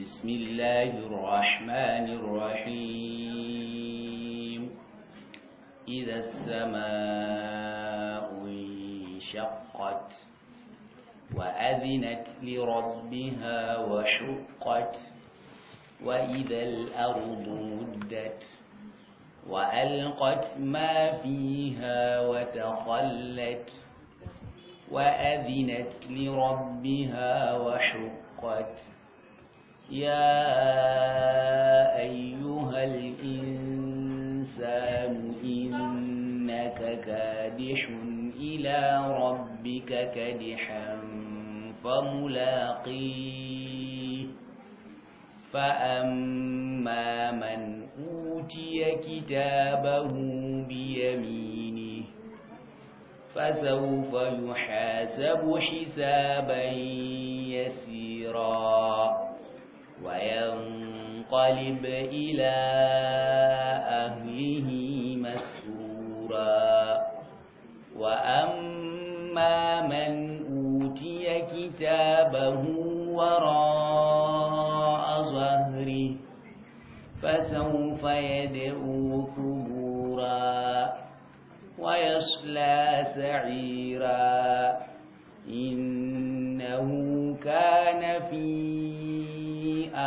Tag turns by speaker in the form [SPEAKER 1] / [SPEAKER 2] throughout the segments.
[SPEAKER 1] بسم الله الرحمن الرحيم إذا السماء انشقت وأذنت لربها وشقت وإذا الأرض مدت وألقت ما فيها وتخلت وأذنت لربها وحقت يا أيها الإنسان إنك كادح إلى ربك كدحا فملاقيه فأما من أوتي كتابه بيمينه فسوف يحاسب حسابا يسيرا وينقلب إلى أهله مسرورا وأما من أوتي كتابه وراء ظهره فسوف يدعو ثبورا ويصلى سعيرا إنه كان في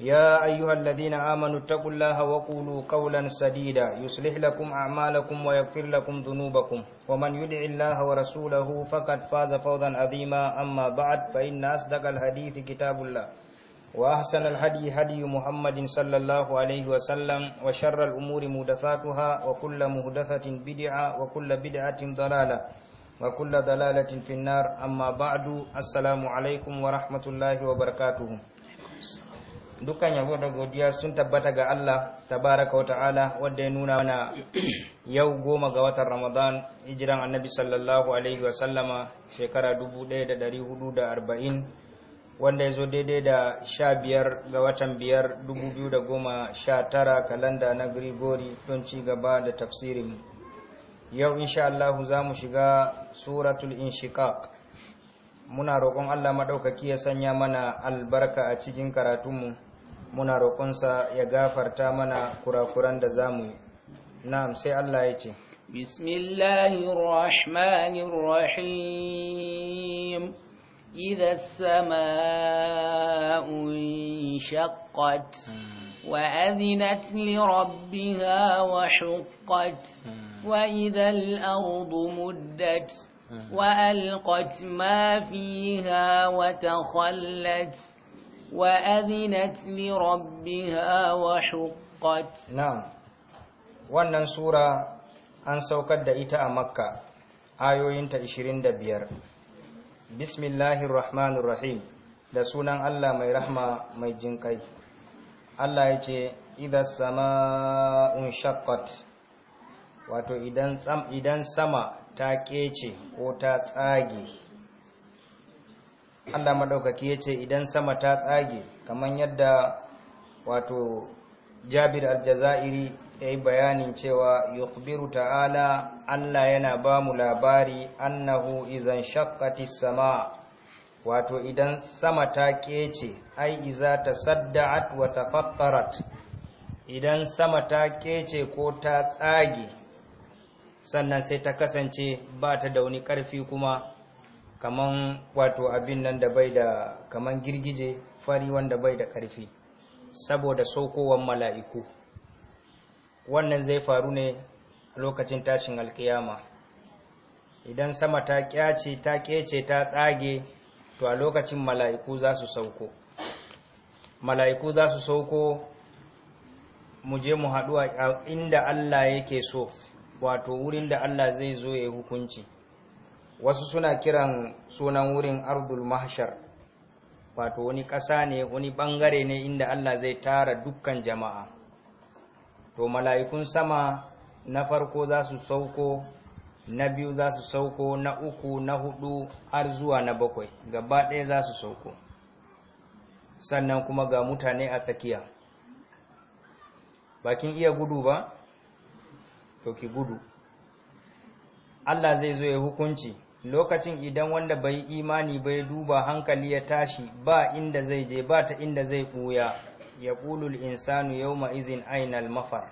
[SPEAKER 2] يا أيها الذين آمنوا اتقوا الله وقولوا قولا سديدا يصلح لكم أعمالكم ويغفر لكم ذنوبكم ومن يدع الله ورسوله فقد فاز فوزا عظيما أما بعد فإن أصدق الحديث كتاب الله وأحسن الهدي هدي محمد صلى الله عليه وسلم وشر الأمور محدثاتها وكل محدثة بدعة وكل بدعة ضلالة وكل ضلالة في النار أما بعد السلام عليكم ورحمة الله وبركاته dukkan yabo da godiya sun tabbata ga Allah tabaraka wa ta'ala wanda ya nuna mana yau goma ga watan Ramadan hijiran annabi sallallahu alaihi wa sallama shekara 1440 wanda ya zo daidai da 15 ga watan 5 2019 kalanda na Grigori don ci gaba da tafsirin yau insha Allah za mu shiga suratul inshiqaq muna roƙon Allah madaukaki ya sanya mana albarka a cikin karatunmu muna roƙonsa ya gafarta mana kurakuran da zamu yi na'am sai Allah ya ce
[SPEAKER 1] bismillahir rahmanir rahim idha as-samaa'u shaqqat wa adhinat li rabbiha wa huqqat wa idha al-ardu muddat وألقت ما فيها وتخلت وأذنت لربها وحقت
[SPEAKER 2] نعم wannan sura an saukar da ita a makka ayoyinta 25 bismillahir da sunan Allah mai rahma mai jinkai Allah ya ce idan sama'un shaqqat wato idan idan sama ta kece ko ta tsage Allah madaukaki ya ce idan sama ta tsage kamar yadda wato jabir aljazairi ya yi bayanin cewa yukhbiru ta'ala Allah yana ba mu labari annahu idan shaqqati sama wato idan sama ta kece ai iza tasadda'at sadda'at wa tafattarat idan sama ta kece ko ta tsage sannan sai ta kasance ba ta da wani ƙarfi kuma kaman wato abin nan da bai da kaman girgije fari wanda bai da ƙarfi saboda saukowar mala'iku wannan zai faru ne lokacin tashin alkiyama idan sama ta kyace ta kece ta tsage to a lokacin mala'iku za su sauko mala'iku za su sauko mu je mu haɗu a inda Allah yake so wato wurin da Allah zai zo ya yi hukunci wasu suna kiran sunan wurin ardul mahshar wato wani ƙasa ne wani bangare ne inda Allah zai tara dukkan jama'a to mala'ikun sama na farko za su sauko na biyu za su sauko na uku na hudu har zuwa na bakwai gaba ɗaya za su sauko sannan kuma ga mutane a tsakiya bakin iya gudu ba to ki gudu Allah zai zo ya hukunci lokacin idan wanda bai imani bai duba hankali ya tashi ba inda zai je ba ta inda zai buya ya ƙulul insanu yau ma'izin ainal mafar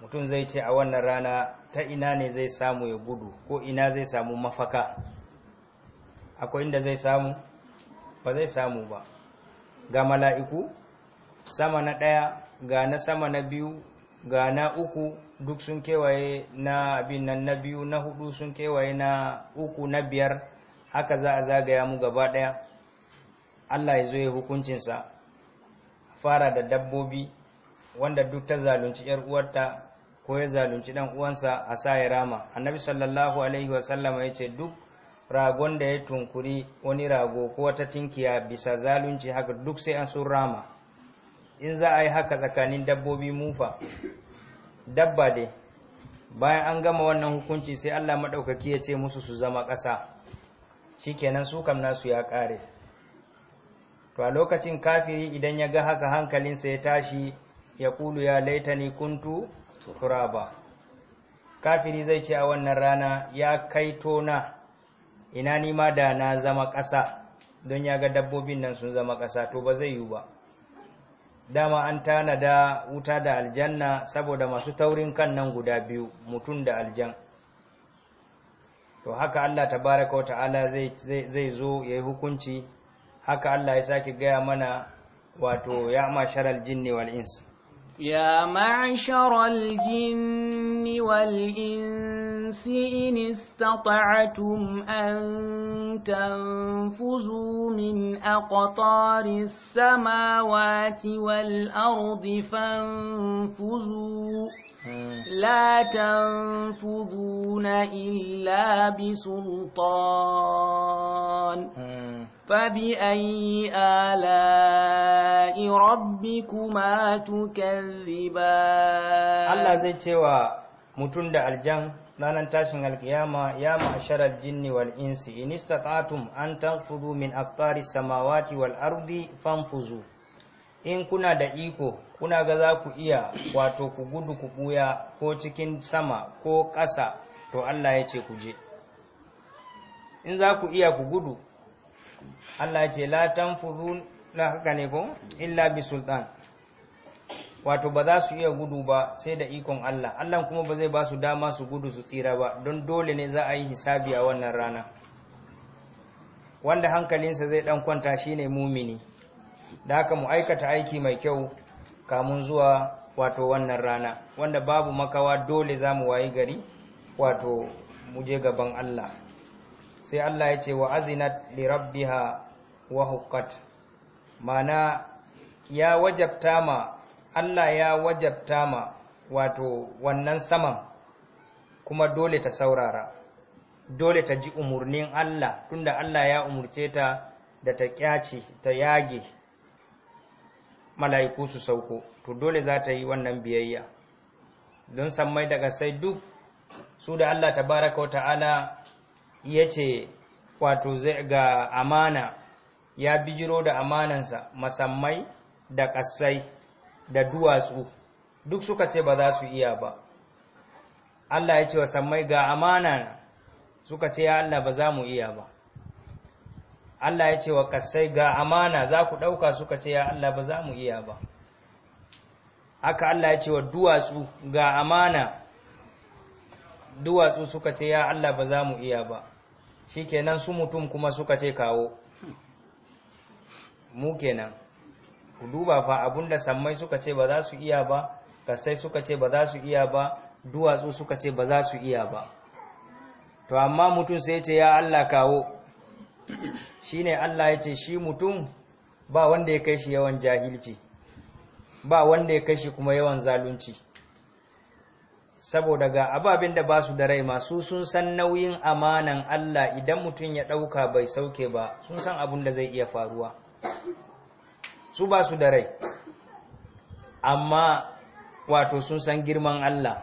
[SPEAKER 2] mutum zai ce a wannan rana ta ina ne zai samu ya gudu ko ina zai samu mafaka akwai inda zai samu ba zai samu ba ga mala'iku sama na ɗaya ga na sama na biyu ga na uku duk sun kewaye na abin nan na biyu na hudu sun kewaye na uku na biyar haka za a zagaya mu gaba daya Allah ya zo ya hukuncinsa fara da dabbobi wanda duk ta zalunci yar uwarta ko ya zalunci dan uwansa a sa ya rama annabi sallallahu alaihi wasallam ya ce duk ragon da ya tunkuri wani rago ko wata tinkiya bisa zalunci haka duk sai an sun rama in za a yi haka tsakanin dabbobi mufa dabba dai bayan an gama wannan hukunci sai Allah maɗaukaki ya ce musu su zama ƙasa Shi kenan su kam nasu ya ƙare to a lokacin kafiri idan ya ga haka hankalinsa ya tashi ya kulu ya laitani kuntu turaba kafiri zai ce a wannan rana ya kaito na ina nima da na zama ƙasa don ya ga dabbobin nan sun zama ƙasa to ba zai yiwu ba dama an tanada wuta da aljanna saboda masu taurin kan nan guda biyu mutum da aljan to haka Allah tabaraka wa ta'ala zai zai zo yayi hukunci haka Allah ya sake gaya mana wato ya ma sharal jinni wal insi
[SPEAKER 1] يا معشر الجن والإنس إن استطعتم أن تنفذوا من أقطار السماوات والأرض فانفذوا لا تنفذون إلا بسلطان فبأي آلاء ربكما تكذبان الله زي
[SPEAKER 2] cewa mutum da aljan ranar tashin alkiyama ya ma'asharar jinni wal insi in istata'tum an tanfudu min aqtaris samawati wal ardi fanfuzu in kuna da iko kuna ga za ku iya wato ku gudu ku buya ko cikin sama ko ƙasa to Allah ya ce ku je in za ku iya ku gudu Allah ya ce la tanfurun la haka ne ko illa bi sultan wato ba za su iya gudu ba sai da ikon Allah Allah kuma ba zai ba su dama su gudu su tsira ba don dole ne za a yi hisabi a wannan rana wanda hankalinsa zai dan kwanta shine mumini da haka mu aikata aiki mai kyau kamun zuwa wato wannan rana wanda babu makawa dole za mu wayi gari wato mu je gaban Allah sai Allah ya ce wa azinat li rabbiha wa huqqat mana ya wajabta ma Allah ya wajabta ma wato wannan saman kuma dole ta saurara dole ta ji umurnin Allah tunda Allah ya umurce ta da ta kyace ta yage mala'iku su sauko to dole za ta yi wannan biyayya don sammai daga sai duk su da Allah tabaraka ta'ala ya ce wato ga amana ya bijiro da amanansa masammai da ƙasai da duwatsu duk suka ce ba za su iya ba Allah ya ce wa sammai ga amana suka ce ya Allah ba za mu iya ba Allah ya ce wa kasai ga amana za ku ɗauka suka ce ya Allah ba za mu iya ba haka Allah ya ce wa duwatsu ga amana duwatsu suka ce ya Allah ba za mu iya ba shi kenan su mutum kuma suka ce kawo mu kenan ku duba fa abinda sammai suka ce ba za su iya ba kasai suka ce ba za su iya ba duwatsu suka ce ba za su iya ba to amma mutum sai ce ya Allah kawo shine Allah ya ce shi mutum ba wanda ya kai shi yawan jahilci ba wanda ya kai shi kuma yawan zalunci saboda ga ababen da ba su da rai masu sun san nauyin amanan Allah idan mutum ya ɗauka bai sauke ba sun san abin da zai iya faruwa su ba su da rai amma wato sun san girman Allah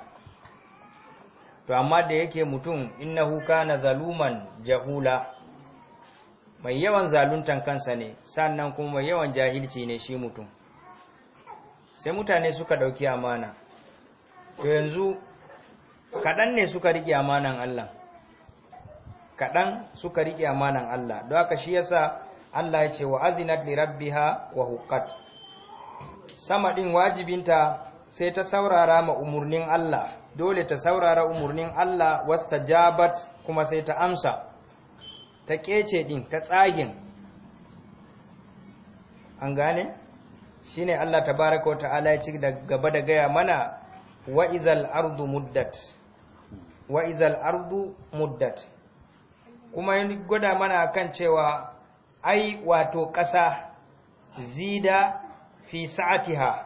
[SPEAKER 2] to amma da yake mutum innahu kana zaluman jahula mai yawan zaluntan kansa ne sannan kuma mai yawan jahilci ne shi mutum sai mutane suka ɗauki amana to yanzu kaɗan ne suka rike amanan Allah kaɗan suka riƙe amanan Allah don haka shi yasa Allah ya ce wa azinat li rabbiha wa huqqat sama din wajibinta sai ta saurara ma umurnin Allah dole ta saurara umurnin Allah wastajabat kuma sai ta amsa ta kece din ta tsagin an gane shine Allah wa ta'ala ya ci da gaba da gaya mana wa izal ardu muddat wa ardu muddat kuma yin gwada mana kan cewa ai wato ƙasa zida fi sa'atiha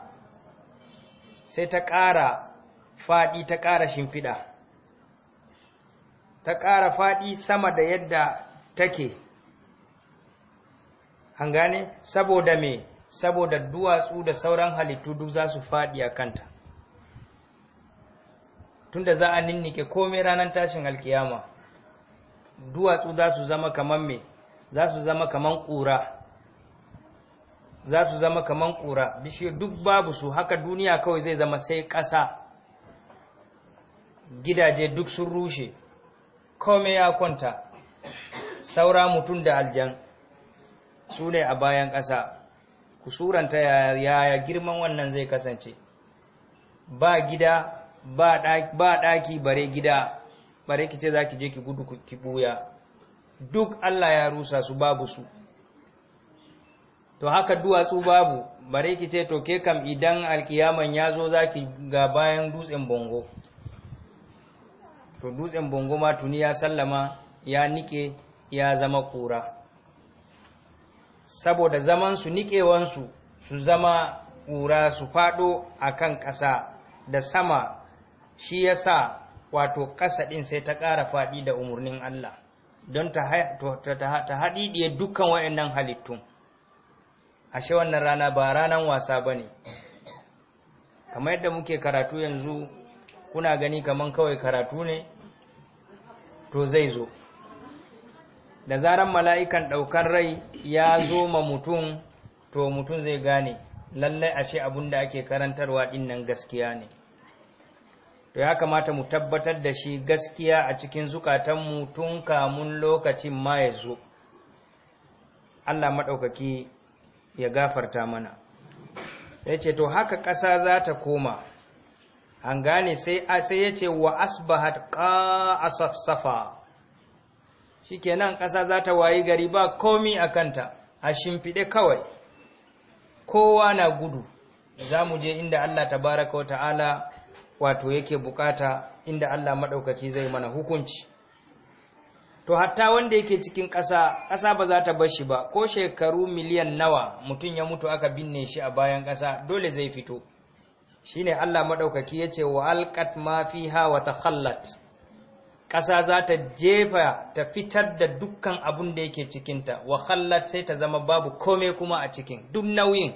[SPEAKER 2] sai ta ƙara faɗi ta ƙara shimfiɗa ta ƙara faɗi sama da yadda take an gane saboda me saboda duwatsu da sauran halittu duk za su faɗi a kanta tunda za a ninnike komai ranar tashin alkiyama duwatsu za su zama kaman me za su zama kaman ƙura za su zama kaman ƙura duk babu su haka duniya kawai zai zama sai ƙasa gidaje duk sun rushe komai ya kwanta saura mutum da aljan su ne a bayan ƙasa ku suranta yaya girman wannan zai kasance ba gida ba ɗaki bare gida bare kice za ki je ki gudu ki ɓuya duk Allah ya rusa su babu su to haka duwatsu babu bare kice to ke kam idan alkiyaman ya zo za ki ga bayan dutsen bongo to dutsen bongo ma tuni ya sallama ya nike ya zama kura saboda zaman su niƙewan su su zama kura su faɗo a kan ƙasa da sama shi ya sa wato ƙasa ɗin sai ta ƙara faɗi da umarnin Allah don ta haɗiɗiye dukkan wayannan halittun ashe wannan rana ba ranan wasa ba ne kamar yadda muke karatu yanzu kuna gani kaman kawai karatu ne to zai zo da zaran mala'ikan ɗaukar rai ya zo ma mutum to mutum zai gane lallai ashe abin da ake karantarwa ɗin nan gaskiya ne to ya kamata mu tabbatar da shi gaskiya a cikin zukatanmu tun kamun lokacin ma ya zo Allah maɗaukaki ya gafarta mana ya ce to haka ƙasa za ta koma an gane sai ya ce wa asbahat ƙa safsafa shikenan ƙasa za ta wayi gari ba komi a kanta a shimfiɗe kawai kowa na gudu za mu je inda Allah tabaraka wa ta'ala wato yake bukata inda Allah maɗaukaki zai mana hukunci to hatta wanda yake cikin ƙasa ƙasa ba za ta bashi ba ko shekaru miliyan nawa mutum ya mutu aka binne shi a bayan ƙasa dole zai fito shine Allah maɗaukaki ya ce wa alƙat ma fi hawa ta kallat. ƙasa za ta jefa ta fitar da dukkan abin da yake cikinta wa khallat sai ta zama babu kome kuma a cikin duk nauyin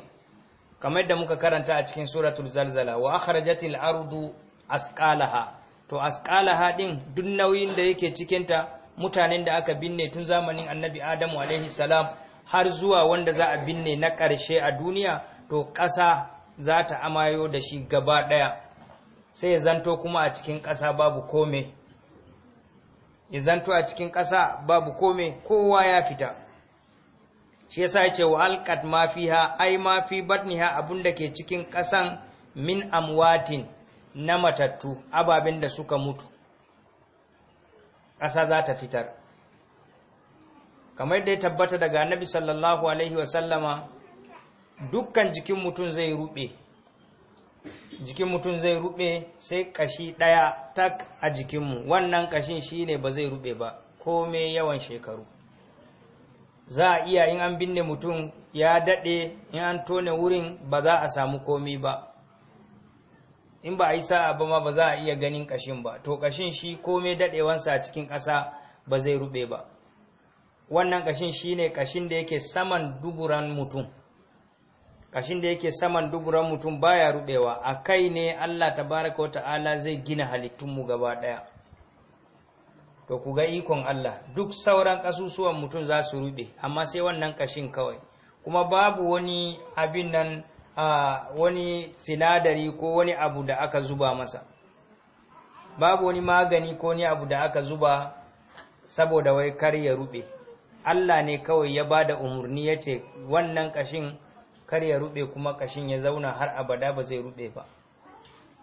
[SPEAKER 2] kamar da muka karanta a cikin suratul zalzala wa akhrajatil ardu asqalaha to asqalaha din duk nauyin da yake cikinta mutanen da aka binne tun zamanin annabi adamu alaihi salam har zuwa wanda za a binne na ƙarshe a duniya to ƙasa za ta amayo da shi gaba ɗaya sai zanto kuma a cikin ƙasa babu kome in zanto a cikin ƙasa babu kome kowa ya fita shi yasa ya ce wa alqat ma fiha ai ma fi batniha abunda ke cikin ƙasan min amwatin na matattu ababen da suka mutu ƙasa za ta fitar kamar da ya tabbata daga annabi sallallahu alaihi wasallama dukkan jikin mutum zai ruɓe. jikin mutum zai rube sai kashi ɗaya tak a jikinmu wannan kashin shine ba zai rube ba kome yawan shekaru za a iya in an binne mutum ya daɗe in an tone wurin ba za a samu komi ba in ba a yi sa'a ba ma ba za a iya ganin kashin ba to kashin shi kome daɗewansa a cikin ƙasa ba zai rube ba wannan kashin shine kashin da yake saman duburan mutum kashin da yake saman duburan mutum baya rubewa a kai ne Allah ta baraka wa ta'ala zai gina halittunmu gaba ɗaya to ku ga ikon Allah duk sauran ƙasusuwan mutum za su rube amma sai wannan kashin kawai kuma babu wani abin nan wani sinadari ko wani abu da aka zuba masa babu wani magani ko wani abu da aka zuba saboda wai kar ya rube Allah ne kawai ya bada da umarni ya ce wannan kashin kar ya rube kuma ƙashin ya zauna har abada ba zai rube ba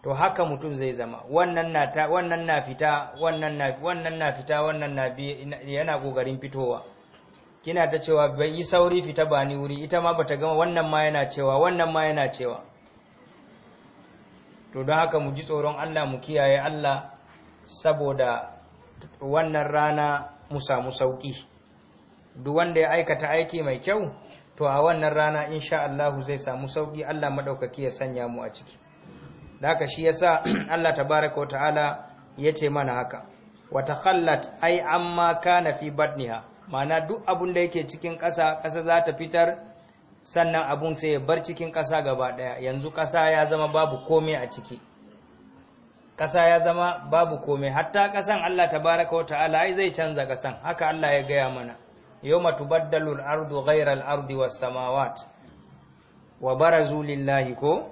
[SPEAKER 2] to haka mutum zai zama wannan na ta wannan na fita wannan na wannan na fita wannan na bi yana kokarin fitowa kina ta cewa bai yi sauri fita ba ni wuri ita ma bata gama wannan ma yana cewa wannan ma yana cewa to don haka mu ji tsoron Allah mu kiyaye Allah saboda wannan rana mu samu sauki duk wanda ya aikata aiki mai kyau to a wannan rana in Allah zai samu sauki Allah maɗaukaki ya sanya mu a ciki haka shi yasa Allah tabaraka wa ta'ala yace mana haka wata takhallat ai amma kana fi batniha ma'ana duk abun da yake cikin ƙasa ƙasa za ta fitar sannan abun sai ya bar cikin ƙasa gaba ɗaya yanzu ƙasa ya zama babu komai a ciki ƙasa ya zama babu komai hatta ƙasan Allah tabaraka wa ta'ala ai zai canza ƙasan haka Allah ya gaya mana yawma tubaddalu al-ardu ghayra al-ardi was samawat wa barazu lillahi ko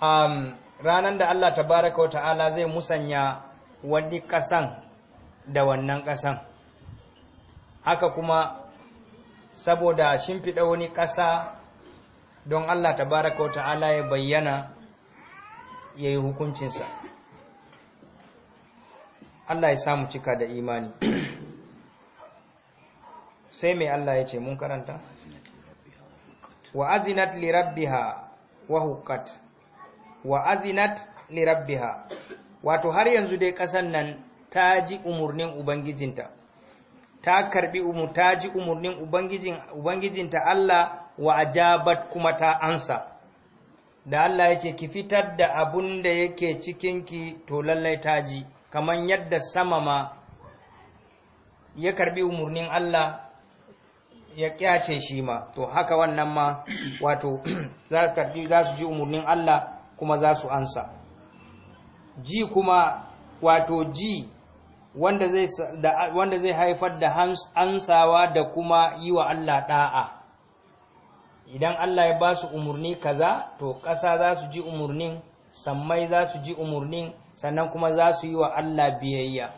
[SPEAKER 2] um ranan da Allah wa ta'ala zai musanya wani kasan da wannan kasan haka kuma saboda shimfiɗa wani ƙasa don Allah wa ta'ala ya bayyana yayi yi hukuncinsa Allah ya samu cika da imani sai mai Allah ya ce mun karanta wa azinat li rabbiha wa huqqat wa azinat li rabbiha wato har yanzu dai kasan nan ta ji umurnin ubangijinta ta karbi umu ta ji umurnin ubangijin ubangijinta Allah wa ajabat kuma ta ansa da Allah ya ce ki fitar da abun da yake cikinki to lallai ta ji kamar yadda sama ma ya karbi umurnin Allah ya kyace shi ma to haka wannan ma wato za su ji umarnin Allah kuma za su ansa ji kuma wato ji wanda zai haifar da ansawa da kuma yi wa Allah da'a idan Allah ya ba su umarni kaza to ƙasa za su ji umarnin sammai za su ji umarnin sannan kuma za su yi wa Allah biyayya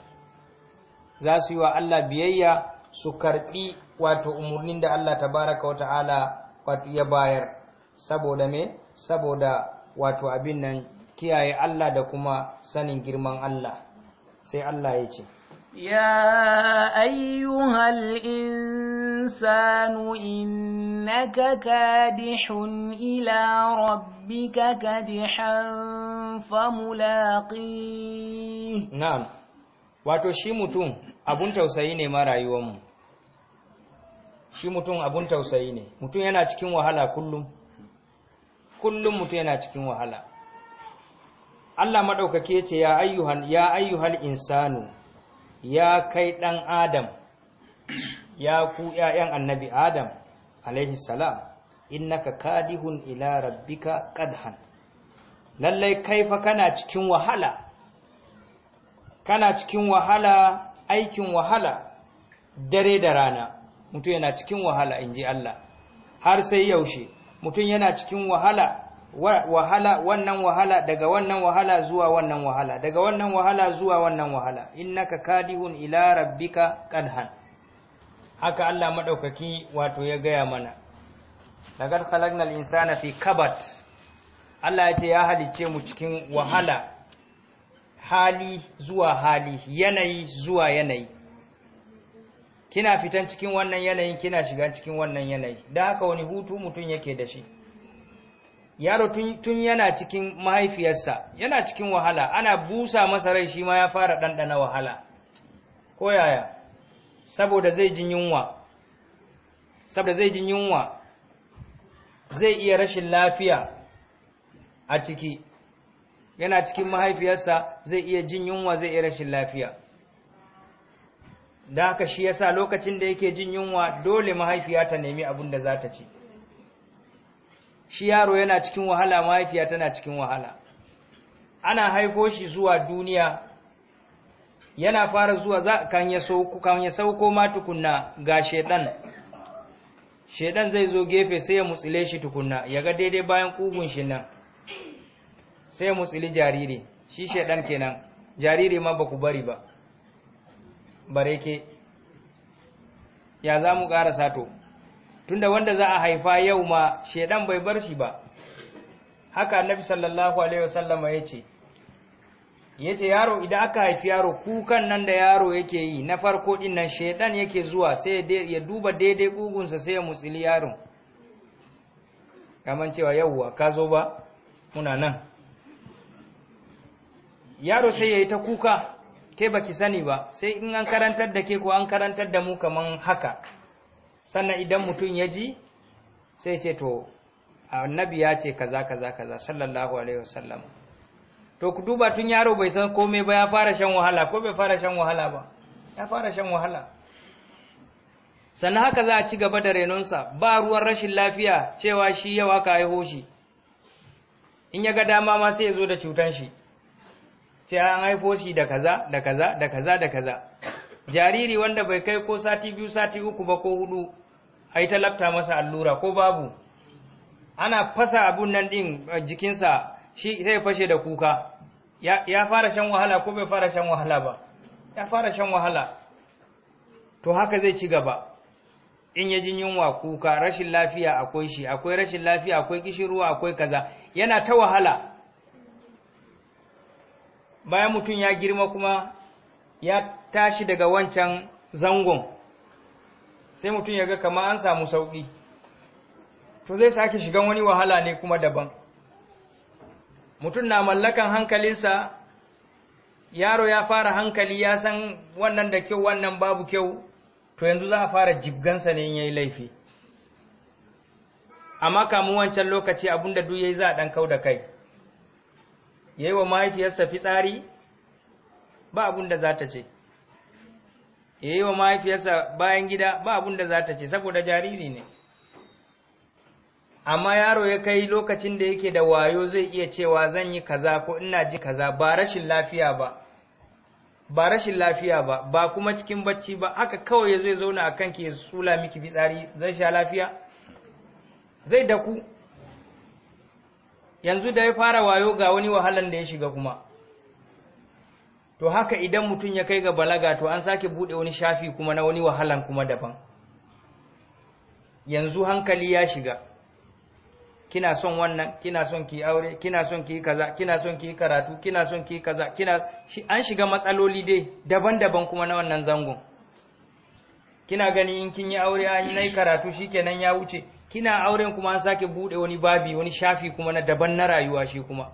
[SPEAKER 2] za su yi wa Allah biyayya su karɓi wato umurnin da Allah tabaraka wa ta'ala wato ya bayar saboda me saboda wato abin nan kiyaye Allah da kuma sanin girman Allah sai Allah ya ce
[SPEAKER 1] ya ayyuhal insanu innaka kadihun ila rabbika kadihan famulaqi
[SPEAKER 2] Na'am, wato shi mutum abun tausayi ne ma mu. shi mutum abun tausayi ne mutum yana cikin wahala kullum kullum mutum yana cikin wahala Allah maɗaukake ce ya ayyuhan ya ayyuhal insanu ya kai ɗan adam ya ku ‘ya'yan annabi adam alaihi salam innaka kadihun ila rabbika qadhan lallai kaifa kana cikin wahala kana cikin wahala aikin wahala dare da rana mutum yana cikin wahala in ji Allah har sai yaushe mutum yana cikin wahala wahala wannan wahala daga wannan wahala zuwa wannan wahala daga wannan wahala zuwa wannan wahala innaka kadihun ila rabbika qadhan haka Allah madaukaki wato ya gaya mana lagad khalaqnal insana fi kabat Allah ya ce ya halice mu cikin wahala hali zuwa hali yanayi zuwa yanayi kina fitan cikin wannan yanayin kina shiga cikin wannan yanayi don haka wani hutu mutum yake da shi yaro tun yana cikin mahaifiyarsa yana cikin wahala ana busa masa rai shi ma ya fara ɗanɗana wahala ko yaya saboda zai jin yunwa saboda zai jin yunwa zai iya rashin lafiya a ciki yana cikin mahaifiyarsa zai iya jin yunwa zai iya rashin lafiya da haka shi yasa lokacin da yake jin yunwa dole mahaifiya ta nemi abin da za ta ci shi yaro yana cikin wahala mahaifiya tana cikin wahala ana haifo shi zuwa duniya yana fara zuwa kan ya sauko kan ya sauko ma tukunna ga shedan shedan zai zo gefe sai ya mutsile shi tukunna ya ga daidai bayan kugun shi nan sai ya mutsili jariri shi shedan kenan jariri ma baku bari ba Bareke. ya za mu ƙara sato tunda wanda za a haifa yau ma shedan bai bar shi ba haka annabi sallallahu alaihi wasallama ya ce ya ce yaro idan aka haifi yaro kukan nan da yaro yake yi na farko din nan shedan yake zuwa sai ya duba daidai ƙugunsa sai ya mutsili yaron kamar cewa yauwa ka zo ba muna nan yaro sai ya yi ta kuka ke baki sani ba sai in an karantar da ke ko an karantar da mu kaman haka sannan idan mutum ya ji sai ce to annabi ya ce kaza kaza kaza sallallahu alaihi wasallam to ku duba tun yaro bai san komai ba ya fara shan wahala ko bai fara shan wahala ba ya fara shan wahala sannan haka za a ci gaba da renonsa ba ruwan rashin lafiya cewa shi yawa ka haihoshi shi in ya ga dama ma sai ya zo da cutan shi sai an haifo shi da kaza da kaza da kaza da kaza jariri wanda bai kai ko sati biyu sati uku ba ko hudu ai ta masa allura ko babu ana fasa abun nan din jikinsa shi sai fashe da kuka ya, fara shan wahala ko bai fara shan wahala ba ya fara shan wahala to haka zai ci gaba in ya yunwa kuka rashin lafiya akwai shi akwai rashin lafiya akwai kishiruwa akwai kaza yana ta wahala bayan mutum ya girma kuma ya tashi daga wancan zangon sai mutum ya ga kama an samu sauƙi to zai sake shigan wani wahala ne kuma daban mutum na mallakan hankalinsa yaro ya fara hankali ya san wannan da kyau wannan babu kyau to yanzu za a fara jibgansa ne in ya yi laifi amma kamun wancan lokaci abinda duk yayi za a ɗan kau da kai ya yi wa mahaifiyarsa fitsari ba abin da za ta ce ya yi wa mahaifiyarsa bayan gida ba abin da za ta ce saboda jariri ne amma yaro ya kai lokacin da yake da wayo zai iya cewa zan yi kaza ko ina ji kaza ba rashin lafiya ba ba rashin lafiya ba ba kuma cikin bacci ba haka kawai ya zai zauna a kanki ya sula miki fitsari zai sha lafiya zai daku yanzu da ya fara wayo ga wani wahalan da ya shiga kuma to haka idan mutum ya kai ga balaga to an sake buɗe wani shafi kuma na wani wahalan kuma daban yanzu hankali ya shiga kina son wannan kina son ki aure kina son ki kaza kina son ki karatu kina son ki kaza kina shi an shiga matsaloli dai daban-daban kuma na wannan zangon kina gani in kin yi aure an yi karatu shikenan ya wuce kina auren kuma an sake bude wani babi wani shafi kuma na daban na rayuwa shi kuma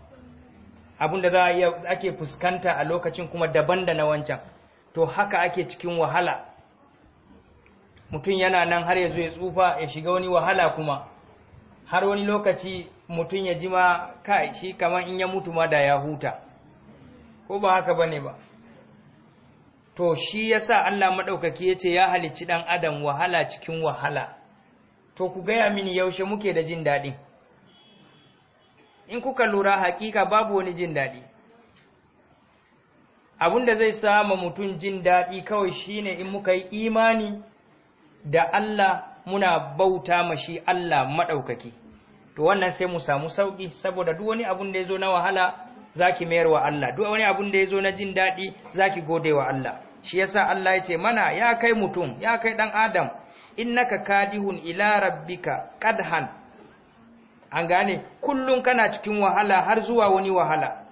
[SPEAKER 2] abin da za a iya ake fuskanta a lokacin kuma daban da na wancan to haka ake cikin wahala mutum yana nan har ya zo ya tsufa ya shiga wani wahala kuma har wani lokaci mutum ya jima kai shi kamar in ya mutu ma da ya huta ko ba haka bane ba to shi yasa Allah ya ce ya halicci dan adam wahala cikin wahala to ku gaya mini yaushe muke da jin daɗi in kuka lura hakika babu wani jin daɗi Abun da zai sama mutum jin daɗi kawai shine in muka yi imani da Allah muna bauta ma shi Allah maɗaukaki to wannan sai mu samu sauƙi saboda duk wani abun da ya zo na wahala zaki mayar wa Allah duk wani abun da ya zo na jin daɗi zaki gode wa Allah shi yasa Allah ya ce mana ya kai mutum ya kai ɗan adam innaka kadihun ila rabbika qadhan an gane kullun kana cikin wahala har zuwa wani wahala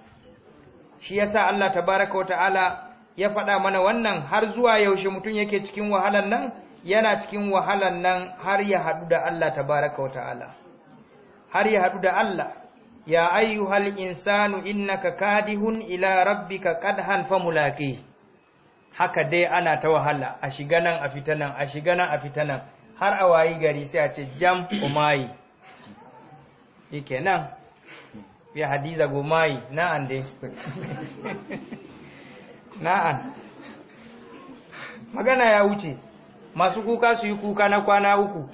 [SPEAKER 2] shi yasa Allah tabaraka wataala ya faɗa mana wannan har zuwa yaushe mutum yake cikin wahalan nan yana cikin wahalan nan har ya haɗu da Allah tabaraka wataala har ya haɗu da Allah ya ayyuhal insanu innaka kadihun ila rabbika qadhan famulaqi haka dai ana ta wahala a shiga nan a fita nan a shiga nan a fita nan har a wayi gari sai a ce jam umayi yake nan ya hadiza gumayi na'an dai na'an magana ya wuce masu kuka su yi kuka na kwana uku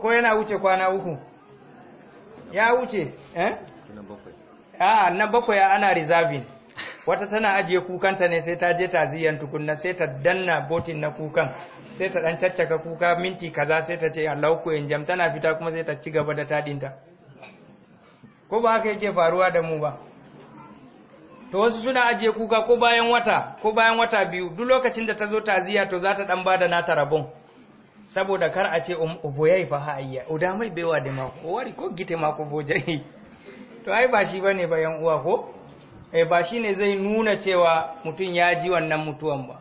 [SPEAKER 2] ko yana wuce kwana uku ya wuce eh? na bakwai ana reserving wata tana ajiye kukanta ne sai ta je taziyan tukunna sai ta danna botin na kukan sai ta dan caccaka kuka minti kaza sai ta ce Allah ku jam tana fita kuma sai ta ci gaba da tadinta ko ba haka yake faruwa da mu ba to wasu suna ajiye kuka ko bayan wata ko bayan wata biyu duk lokacin da ta zo taziya to za ta dan bada nata rabon saboda kar a ce uboyai um, fa hayya uda mai baiwa da mako wari ko gite mako bojai to ai ba shi bane 'yan uwa ko eh ba shine zai nuna cewa mutum ya ji wannan mutuwan ba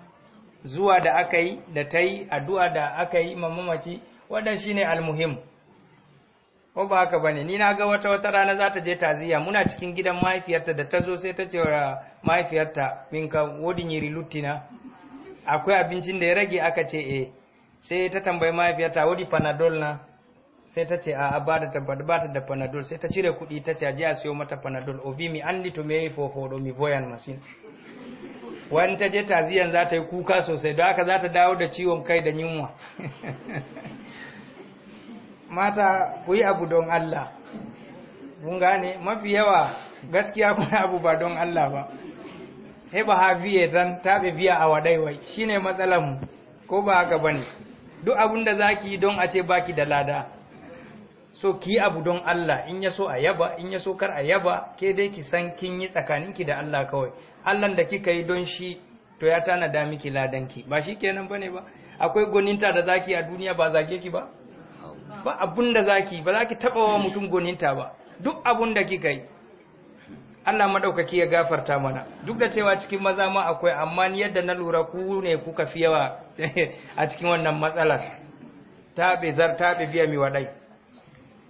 [SPEAKER 2] zuwa da aka yi da ta yi addu'a da aka yi mamamaci wannan shine almuhim ko ba haka ne, ni na ga wata wata rana za ta je taziya muna cikin gidan mahaifiyarta da ta zo sai ta ce wa mahaifiyarta ka wodin yiri luttina akwai abincin da ya rage aka ce eh sai ta tambayi mahaifiyarta wodi panadol na sai ta ce a ba da ba da panadol sai ta cire kuɗi ta ce a je a siyo mata panadol mi an lito me fofodo mi voyan masin wani ta je taziyan za ta yi kuka sosai don haka za ta dawo da ciwon kai da yunwa mata ku yi abu don Allah mun gane mafi yawa gaskiya kuna abu ba don Allah ba sai ba hafiye zan taɓe biya a wai shine matsalar mu ko ba haka bane duk abin da zaki don a ce baki da lada so ki abu don Allah in ya so a yaba in ya so kar a yaba ke dai ki san kin yi tsakaninki da Allah kawai Allah da kika yi don shi to ya tanada miki ladanki ba shi kenan bane ba akwai goninta da zaki a duniya ba zage ki ba ba abun da zaki ba zaki taba wa mutum goninta ba duk abun da kika yi Allah madaukaki ya gafarta mana duk da cewa cikin maza ma akwai amma ni yadda na lura ku ne kuka fi yawa a cikin wannan matsalar tabe zar tabe biya mi wadai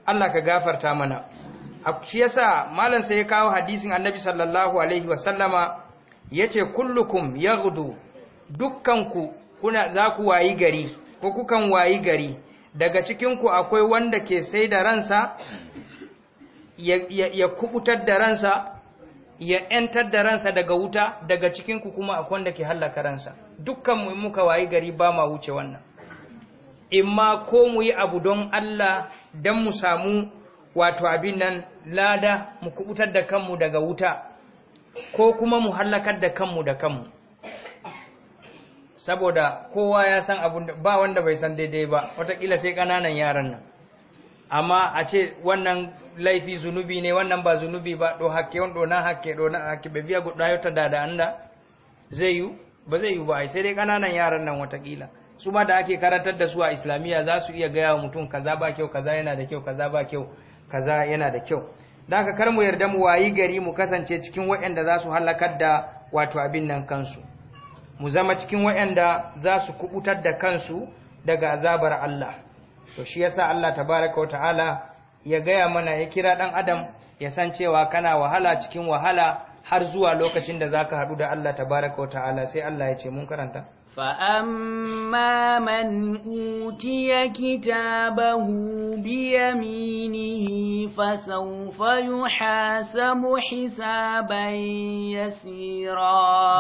[SPEAKER 2] Allah ka gafarta mana shi yasa malam sai ya kawo hadisin annabi sallallahu alaihi wasallama yace kullukum yaghdu dukkanku kuna za ku wayi gari ko kukan wayi gari daga cikinku akwai wanda ke sai da ransa ya, ya, ya kubutar da ransa ya ‘yantar da ransa daga wuta daga cikinku kuma akwai wanda ke hallaka ransa Dukkan mu muka wayi gari ba ma wuce wannan In ma ko mu yi abu don Allah don mu samu wato abin nan lada mu kubutar da kanmu daga wuta ko kuma mu hallakar da kanmu da kanmu saboda kowa ya san abun ba wanda bai san daidai ba watakila sai ƙananan yaran nan amma a ce wannan laifi zunubi ne wannan ba zunubi ba ɗo hakke on ɗo na hakke ɗo na hakke bai biya guɗa yau ta da anda zai yi ba zai yi ba sai dai ƙananan yaran nan watakila su ma da ake karantar da su a islamiyya za su iya gaya wa mutum kaza ba kyau kaza yana da kyau kaza ba kyau kaza yana da kyau da haka kar mu yarda mu wayi gari mu kasance cikin waɗanda za su halakar da wato abin nan kansu mu zama cikin waɗanda za su kubutar da kansu daga azabar Allah to shi yasa Allah tabaraka wa ta'ala ya gaya mana ya kira dan adam ya san cewa kana wahala cikin wahala har zuwa lokacin da zaka haɗu da Allah tabaraka wa ta'ala sai Allah ya ce mun karanta
[SPEAKER 1] فأما من أوتي كتابه بيمينه فسوف يحاسب حسابا يسيرا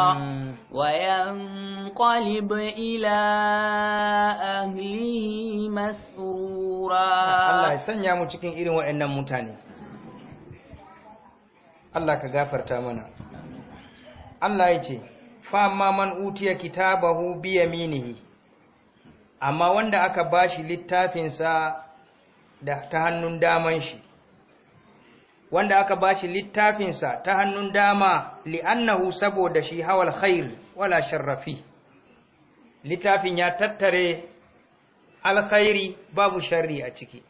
[SPEAKER 1] وينقلب إلى أهله مسرورا الله
[SPEAKER 2] يسنيا متكين إلي وإنا متاني الله كغافر تامنا الله يجي fa'amma man utiya kitabahu biyaminihi amma wanda aka bashi littafinsa da ta hannun daman shi wanda aka bashi littafinsa ta hannun dama li'annahu saboda shi hawal khair wala sharrafi littafin ya tattare alkhairi babu sharri a ciki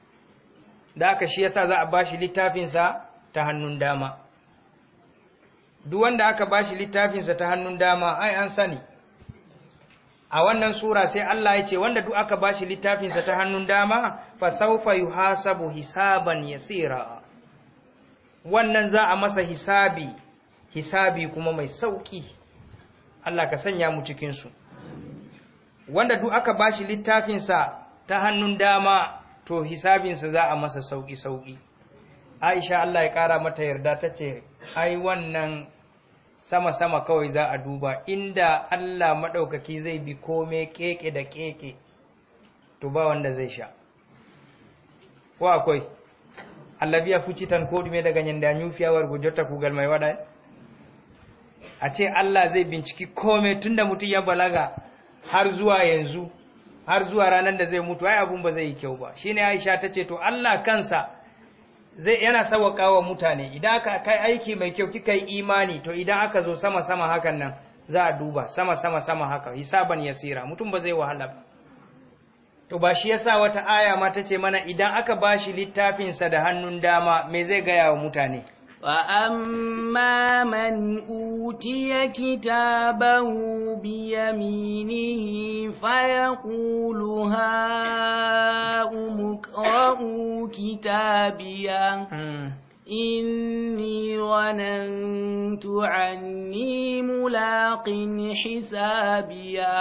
[SPEAKER 2] da aka shi yasa za a bashi littafinsa ta hannun dama duk wanda aka bashi littafinsa ta hannun dama ai an sani a wannan sura sai Allah ya ce wanda duk aka bashi littafinsa ta hannun dama fa saufa yuhasabu hisaban yasira wannan za a masa hisabi hisabi kuma mai sauki Allah ka sanya mu cikin su wanda duk aka bashi littafinsa ta hannun dama to hisabinsa za a masa sauki sauki Aisha Allah ya kara mata yarda tace ai wannan sama-sama kawai za a duba inda Allah maɗaukaki zai bi kome keke da keke to ba wanda zai sha ko akwai Allah biya fuci tan ko dume daga yanda yawar gujota kugal mai wada a ce Allah zai binciki kome da mutum ya balaga har zuwa yanzu har zuwa ranar da zai mutu ai abun ba zai yi kyau ba shine Aisha tace to Allah kansa zai yana sawwaka wa mutane idan aka kai aiki mai kyau kika yi imani to idan aka zo sama sama hakan nan za a duba sama sama sama haka hisaban yasira mutum ba zai wahala ba to ba shi yasa wata aya ma ce mana idan aka bashi littafin sa da hannun dama me zai gaya wa mutane
[SPEAKER 1] وأما من أوتي كتابه بيمينه فيقول هاؤم اقرءوا كتابيا إني ظننت عني ملاق حسابيا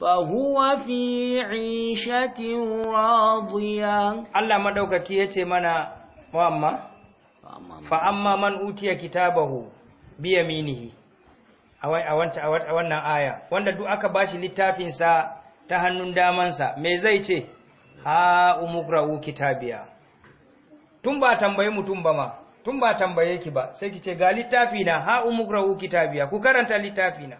[SPEAKER 1] فهو في عيشة راضية
[SPEAKER 2] الله ما دوكك يتي منا وأما fa amma man utiya kitabahu bi yaminihi a wannan aya wanda duk aka bashi littafin sa ta hannun damansa me zai ce ha umukra'u kitabiya tun ba tambaye mutum ba ma tun ba tambaye ki ba sai ki ce ga littafina na ha umukra'u kitabiya ku karanta littafina.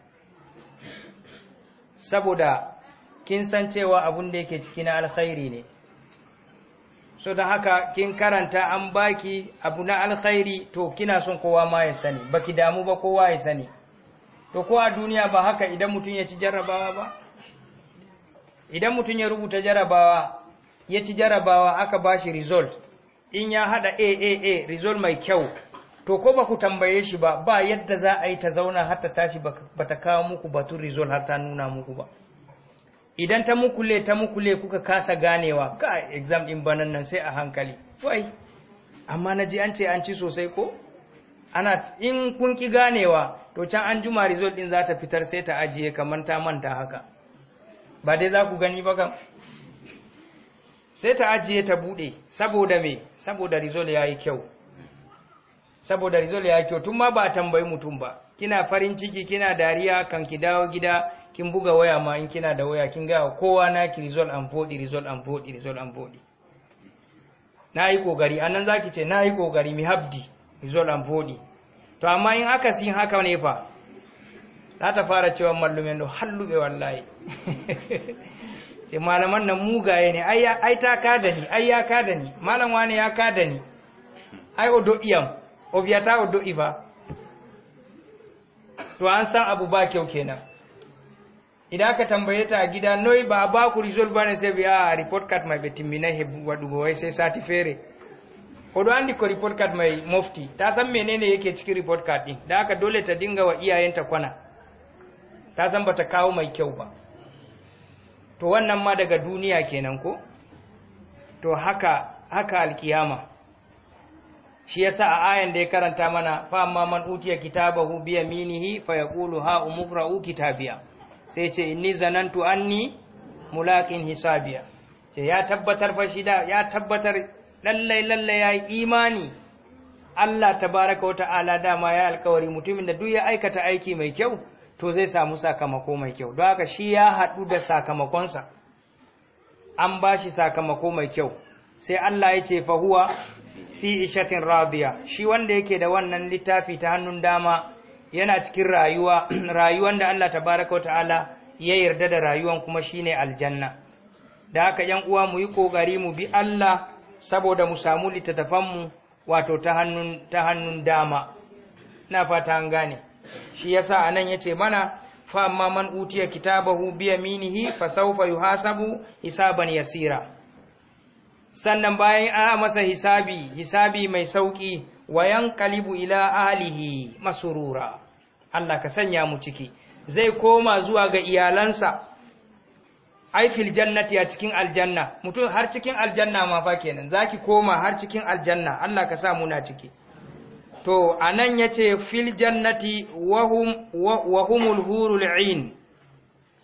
[SPEAKER 2] saboda kin san cewa abun da yake ciki na alkhairi ne so da haka kin karanta an baki abu na alkhairi to kina son kowa ma ya sani baki damu ba kowa ya sani to ko a duniya ba haka idan mutum ya ci jarrabawa ba idan mutum ya rubuta jarrabawa ya ci jarrabawa aka bashi result in ya hada aaa result mai kyau to ko ba ku tambaye shi ba ba yadda za a yi ta zauna har ta tashi ba ta kawo muku batun result har ta nuna muku ba idan ta mukule ta mukule kuka kasa ganewa ka exam din banan nan sai a hankali wai amma na ji an ce an ci sosai ko ana in kun ki ganewa to can an juma result din za ta fitar sai ta ajiye kamar ta manta haka ba dai za ku gani ba kam sai ta ajiye ta bude saboda me saboda result yayi kyau saboda result yayi kyau tun ma ba tambayi mutum ba kina farin ciki kina dariya kan ki dawo gida kin buga waya ma in kina da waya kin ga kowa na ki result an fodi result an fodi result an fodi na yi kokari annan zaki ce na yi kokari mi habdi result an fodi to amma in aka sin haka ne fa za ta fara cewa mallumin da hallube wallahi ce malaman nan mugaye ne ai ta kada ni ai ya kada ni malam wani ya kada ni ai odo iyam o odo iba to an san abu ba kyau kenan idan aka tambaye ta a gida noi ba ba ku rizol ba ne sai biya a ah, report card mai he wadu ba wai sai sati fere hudu an diko report card mai mufti ta san menene yake cikin report card din da aka dole ta dinga wa iyayenta kwana ta san bata kawo mai kyau ba to wannan ma daga duniya kenan ko to haka haka alkiyama shi yasa a ayan da ya karanta mana fa amma man utiya kitabahu bi yaminihi fa yaqulu ha umqra'u kitabiya sai ce inni zanantu anni mulaqin hisabiya ce ya tabbatar fa shi da ya tabbatar lallai lallai yayi imani Allah tabaaraka wa ta'ala dama ya alƙawari mutumin da duk ya aikata aiki mai kyau to zai samu sakamako mai kyau don haka shi ya haɗu da sakamakonsa an ba shi sakamako mai kyau sai Allah ya ce fa huwa fi ishatin radiya shi wanda yake da wannan littafi ta hannun dama yana cikin rayuwa rayuwan da Allah tabaraka ta'ala ya yarda da rayuwan kuma shine aljanna da haka yan uwa mu yi kokari mu bi Allah saboda mu samu littattafan mu wato ta hannun ta hannun dama ina fata an gane shi yasa anan yace mana fa amma man utiya kitabahu bi yaminihi fa sawfa yuhasabu hisaban yasira sannan bayan a masa hisabi hisabi mai sauki wayan kalibu ila alihi masurura Allah ka sanya mu ciki zai koma zuwa ga iyalansa aifil jannati a cikin aljanna mutum har cikin aljanna ma fa kenan zaki koma har cikin aljanna Allah ka sa muna ciki to anan yace fil jannati wahum wahumul hurul ain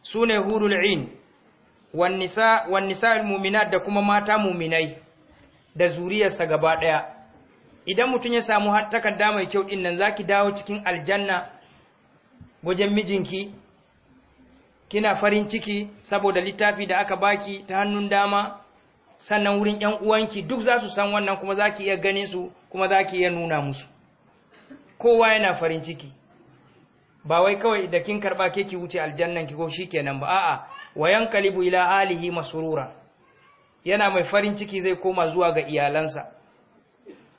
[SPEAKER 2] sune hurul ain wan nisa wan nisa'il mu'minat da kuma mata mu'minai da zuriyarsa gaba daya idan mutum ya samu har takarda mai kyau din nan zaki dawo cikin aljanna wajen mijinki kina farin ciki saboda littafi da aka baki ta hannun dama sannan wurin ‘yan uwanki duk za su san wannan kuma za ki iya ganin su kuma za ki iya nuna musu kowa yana farin ciki ba wai kawai da kin karɓa ke ki wuce aljannan ki ko shi kenan ba a'a wayan kalibu ila alihi masurura yana mai farin ciki zai koma zuwa ga iyalansa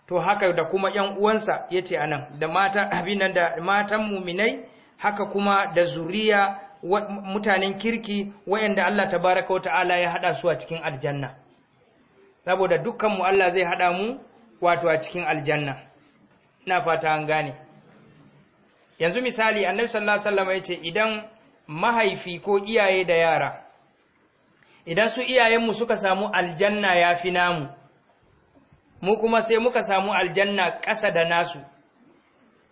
[SPEAKER 2] to haka da kuma ‘yan uwansa ya ce anan nan da matan muminai haka kuma da zuriya mutanen kirki wayanda Allah tabaraka wata'ala ya hada su a cikin aljanna saboda dukkan mu Allah zai hada mu wato a cikin aljanna ina fata an gane yanzu misali annabi sallallahu alaihi wasallam yace idan mahaifi ko iyaye da yara idan su iyayenmu suka samu aljanna ya fi namu mu kuma sai muka samu aljanna ƙasa da nasu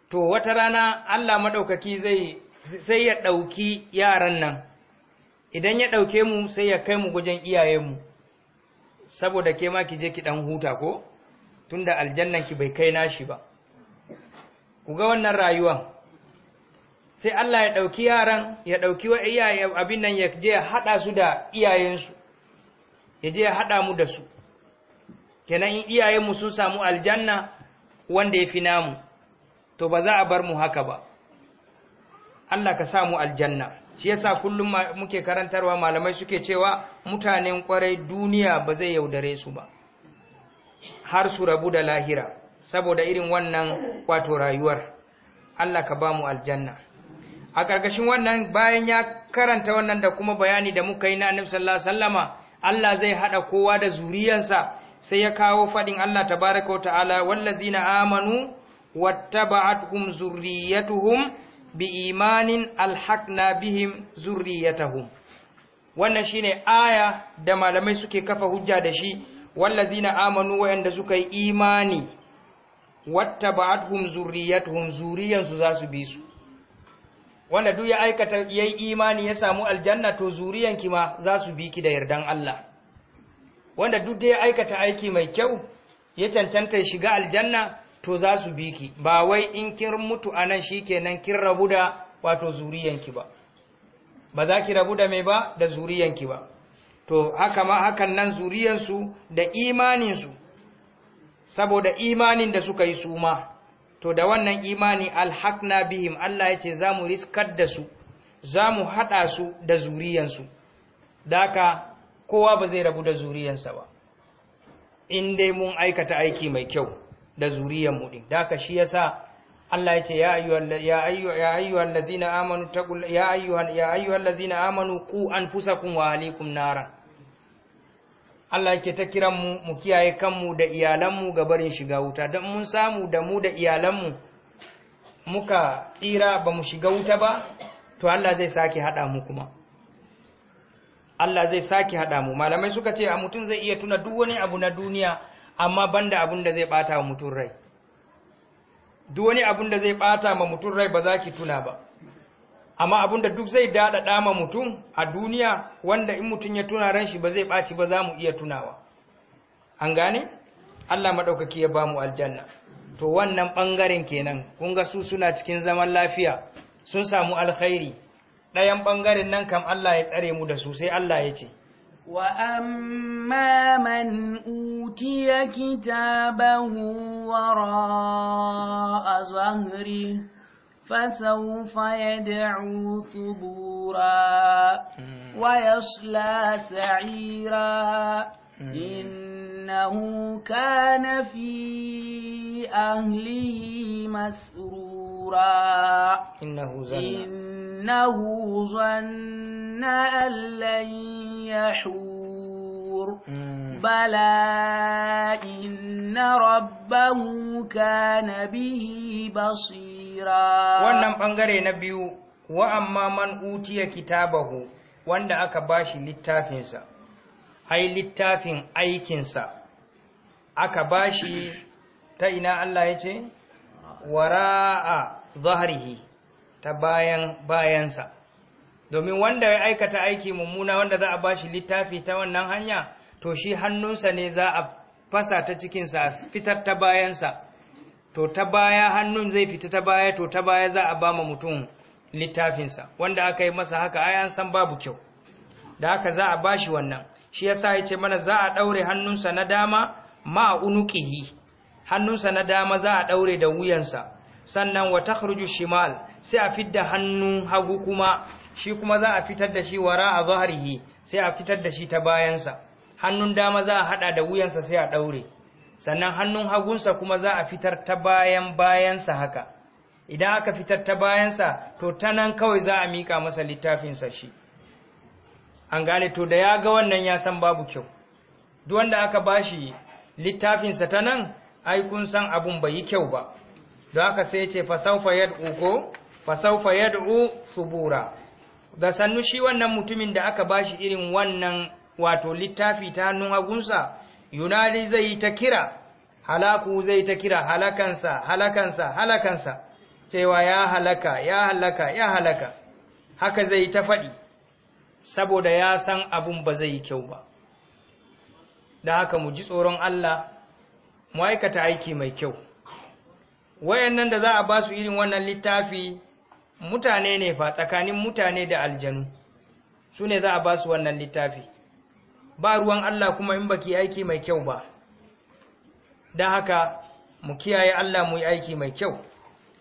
[SPEAKER 2] to wata rana Allah maɗaukaki zai sai ya ɗauki yaran nan idan ya ɗauke mu sai ya kai mu gujen iyayenmu saboda ke ma ki je ki ɗan huta ko tunda aljannan ki bai kai nashi ba ku ga wannan rayuwan sai Allah ya ɗauki yaran ya ɗauki wa iyaye abin nan ya je ya haɗa su da iyayensu ya je ya haɗa mu da su kenan in iyayenmu sun samu aljanna wanda ya fi namu to ba za a bar mu haka ba Allah ka mu aljanna shi yasa kullum muke karantarwa malamai suke cewa mutanen kwarai duniya ba zai yaudare su ba har su rabu da lahira saboda irin wannan wato rayuwar Allah ka ba mu aljanna a ƙarƙashin wannan bayan ya karanta wannan da kuma bayani da muka yi na annabi sallallahu alaihi wasallama Allah zai hada kowa da zuriyarsa sai ya kawo fadin Allah tabaraka wa ta'ala wallazina amanu واتبعتهم ذريتهم بإيمان ألحقنا بهم ذريتهم wannan shine aya da malamai suke kafa hujja da shi wallazina amanu wayanda suka yi imani wattaba'atuhum zurriyatuhum zuriyansu zasu bi su wanda duk ya aikata yayi imani ya samu aljanna to zuriyanki ma zasu bi ki da yardan Allah wanda duk da ya aikata aiki mai kyau ya cancanta shiga aljanna to za su bi ki ba wai in kin mutu a nan anan shikenan kin rabu da wato zuriyanki ba ba za ki rabu da mai ba da zuriyanki ba to haka ma hakan nan zuriyansu da imaninsu saboda imanin da suka yi su ma to da wannan imani alhaqna bihim Allah ya ce za mu riskar da su za mu haɗa su da zuriyansu daka kowa ba zai rabu da zuriyansa ba in dai mun aikata aiki mai kyau da zuriyar mu din da shi yasa Allah ya ce ya ayyuhal ya ladzina amanu taqul ya ayyuhal ya ayyuhal ladzina amanu qu anfusakum wa ahlikum nara Allah yake ta kiran mu mu kiyaye kanmu da iyalanmu ga barin shiga wuta don mun samu da mu da iyalanmu muka tsira ba mu shiga wuta ba to Allah zai saki hada mu kuma Allah zai saki hada mu malamai suka ce a mutum zai iya tuna duk wani abu na duniya amma banda abin da zai bata wa mutum rai duk wani abin da zai bata ma mutum rai ba za ki tuna ba amma abin da duk zai daɗaɗa ma mutum a duniya wanda in mutum ya tuna ran shi ba zai ɓaci ba za mu iya tunawa an gane allah maɗaukaki ya ba mu aljanna to wannan bangaren kenan kun ga su suna cikin zaman lafiya sun samu alkhairi ɗayan ɓangaren nan kam allah ya tsare mu da su sai allah ya ce
[SPEAKER 1] وأما من أوتي كتابه وراء ظهره فسوف يدعو ثبورا ويصلى سعيرا إنه كان في أهله مسرورا ثبورا إنه ظن إنه ظن أن لن يحور بلى إن ربه كان به بصيرا wannan
[SPEAKER 2] bangare na biyu wa amma man utiya kitabahu wanda aka bashi littafinsa ai littafin aikinsa aka bashi ta ina Allah ya ce wara'a zahrihi ta bayan bayansa domin wanda ya aikata aiki mummuna wanda za a bashi littafi ta wannan hanya to shi hannunsa ne za a fasa ta cikinsa a fitar ta bayansa to ta baya hannun zai fita ta baya to ta baya za a ba ma mutum littafinsa wanda aka yi masa haka ai an san babu kyau da haka za a bashi wannan shi yasa ce mana za a daure hannunsa na dama ma unuqihi hannunsa na dama za a daure da wuyansa sannan wa takhruju shimal sai a fidda hannun hagu kuma shi kuma za a fitar da shi wara a zahrihi sai a fitar da shi ta bayansa hannun dama za a hada da wuyansa sai a daure sannan hannun hagunsa kuma za a fitar ta bayan bayansa haka idan aka fitar ta bayansa to tanan kawai za a mika masa littafinsa shi an gane to da ya ga wannan ya san babu kyau duk wanda aka bashi littafinsa ta nan ai kun san abun bai yi kyau ba don haka sai ce fasaufa yad'u ko fasaufa yad'u subura da sannu shi wannan mutumin da aka bashi irin wannan wato littafi ta hannun hagunsa yunadi zai yi ta kira halaku zai ta kira halakansa halakansa halakansa cewa ya halaka ya halaka ya halaka haka zai ta faɗi saboda ya san abin ba zai yi kyau ba da haka mu ji tsoron Allah mu aikata aiki mai kyau wayannan da za a ba su irin wannan littafi mutane ne fa tsakanin mutane da aljanu su ne za a ba su wannan littafi ba ruwan Allah kuma in baki aiki mai kyau ba da haka mu kiyaye Allah mu yi aiki mai kyau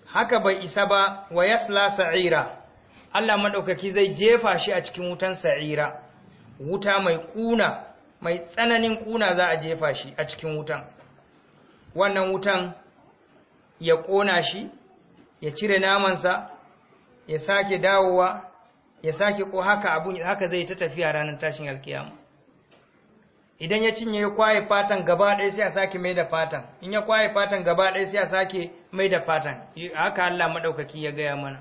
[SPEAKER 2] haka bai isa ba wa yasla sa'ira Allah maɗaukaki zai jefa shi a cikin wutan sa'ira wuta mai kuna mai tsananin kuna za a jefa shi a cikin wutan wannan wutan ya ƙona shi ya cire namansa ya sake dawowa ya sake ko haka abun haka zai ta tafiya ranar tashin alkiyama idan ya cinye ya kwaye fatan gaba ɗaya sai a sake mai da fatan in ya kwaye fatan gaba ɗaya sai a sake mai da fatan haka Allah maɗaukaki ya gaya mana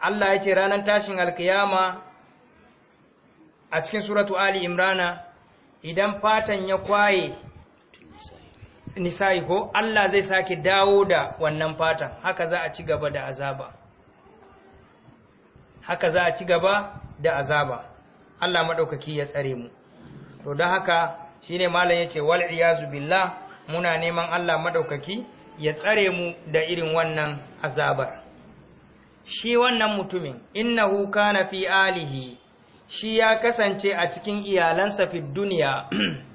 [SPEAKER 2] Allah ya ce ranar tashin alkiyama a cikin suratu Ali Imrana idan fatan ya kwaye nisa'i ko Allah zai sake dawo da wannan fatan haka za a ci gaba da azaba haka za a ci gaba da azaba Allah madaukaki ya tsare mu to don haka shine malam yace wal iyazu billah muna neman Allah madaukaki ya tsare mu da irin wannan azabar shi wannan mutumin innahu kana fi alihi shi ya kasance a cikin iyalansa fi duniya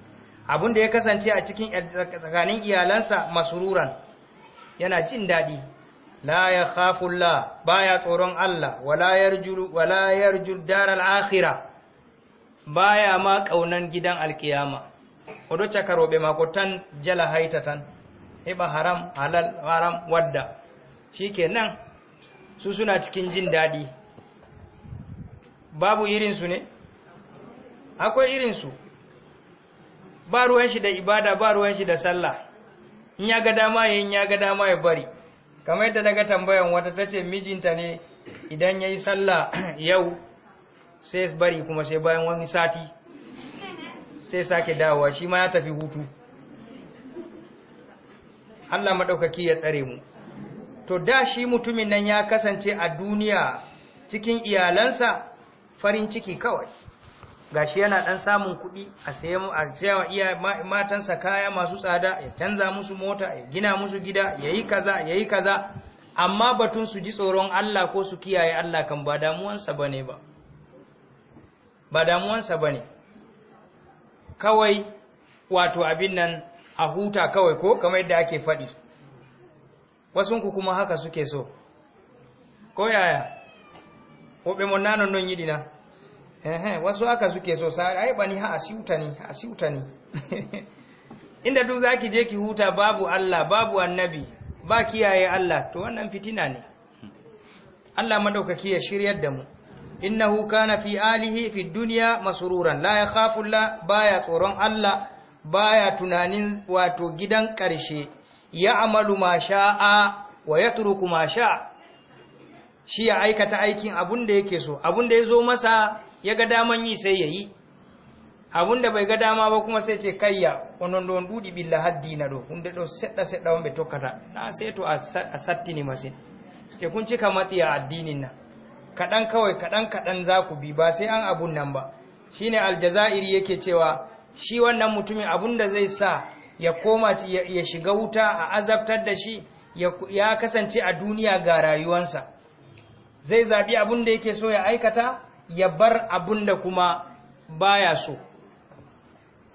[SPEAKER 2] abin da ya kasance a cikin tsakanin iyalansa masururan yana jin daɗi la ya khafullah baya tsoron Allah wala yarju wala yarju daral akhirah baya ma kaunan gidan alkiyama odo chakarobe makotan jala haitatan heba haram halal haram wadda shikenan su suna cikin jin daɗi babu irinsu ne akwai irinsu ba ruwan shi da ibada ba ruwan shi da sallah in ya ga dama ya in ya ga dama ya bari kamar yadda daga tambayan wata ta ce mijinta ne idan ya yi sallah yau sai bari kuma sai bayan wani sati sai sake dawowa shi ma ya tafi hutu Allah maɗaukaki ya tsare mu to da shi mutumin nan ya kasance a duniya cikin iyalansa farin ciki kawai gashi yana dan samun kuɗi a saye a sayawa iya matansa kaya masu tsada ya canza musu mota ya gina musu gida yayi kaza yayi kaza amma batun su ji tsoron Allah ko su kiyaye Allah kan ba damuwansa bane ba ba damuwansa bane kawai wato abin nan a huta kawai ko kamar yadda ake faɗi ku kuma haka suke so ko yaya woɓe mo nanon non yidina wasu aka suke so sa ai bani ha asiuta ni ha asiuta ni inda duk zaki je ki huta babu Allah babu annabi ba kiyaye Allah to wannan fitina ne Allah madaukaki ya shiryar da mu innahu kana fi alihi fi dunya masururan. la yakhafu la baya tsoron Allah baya tunanin wato gidan karshe ya amalu ma sha'a wa yatruku ma sha'a shi ya aikata aikin abunda da yake so abunda da yazo masa ya ga daman yi sai ya yi abun da bai ga dama ba kuma sai ce kayya onon don dudi billa haddi na do hunde do sedda sedda wambe tokkata na sai to a sattini masin ce kun cika matsi a addinin nan kaɗan kawai kaɗan kaɗan za ku bi ba sai an abun nan ba Shi ne aljazairi yake cewa shi wannan mutumin abun da zai sa ya koma ya shiga wuta a azabtar da shi ya kasance a duniya ga rayuwansa zai zaɓi abun da yake so ya aikata ya bar abun da kuma baya so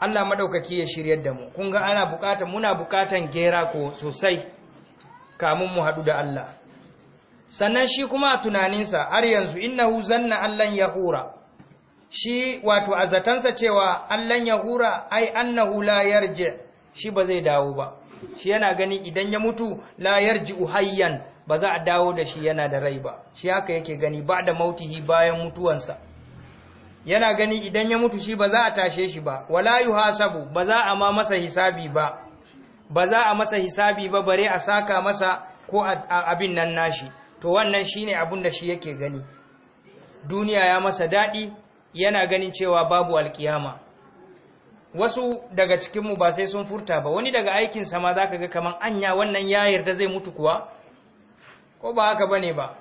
[SPEAKER 2] Allah madaukaki ya shiryar da mu kun ga ana bukata muna bukatan gera ko sosai kamun mu haɗu da Allah sannan shi kuma a tunaninsa har yanzu innahu zanna allan yahura shi wato azatansa cewa allan yahura ai annahu la yarji shi ba zai dawo ba shi yana gani idan ya mutu la yarji uhayyan. ba za a dawo da shi yana da rai ba shi haka yake gani ba da mautihi bayan mutuwansa yana gani idan ya mutu shi ba za a tashe shi ba wala yuhasabu ba za a ma masa hisabi ba ba za a masa hisabi ba bare a saka masa ko abin nan nashi to wannan shine abin da shi yake gani duniya ya masa daɗi yana ganin cewa babu alkiyama wasu daga cikinmu ba sai sun furta ba wani daga aikinsa ma zaka ga kaman anya wannan ya yarda zai mutu kuwa ko ba haka bane ba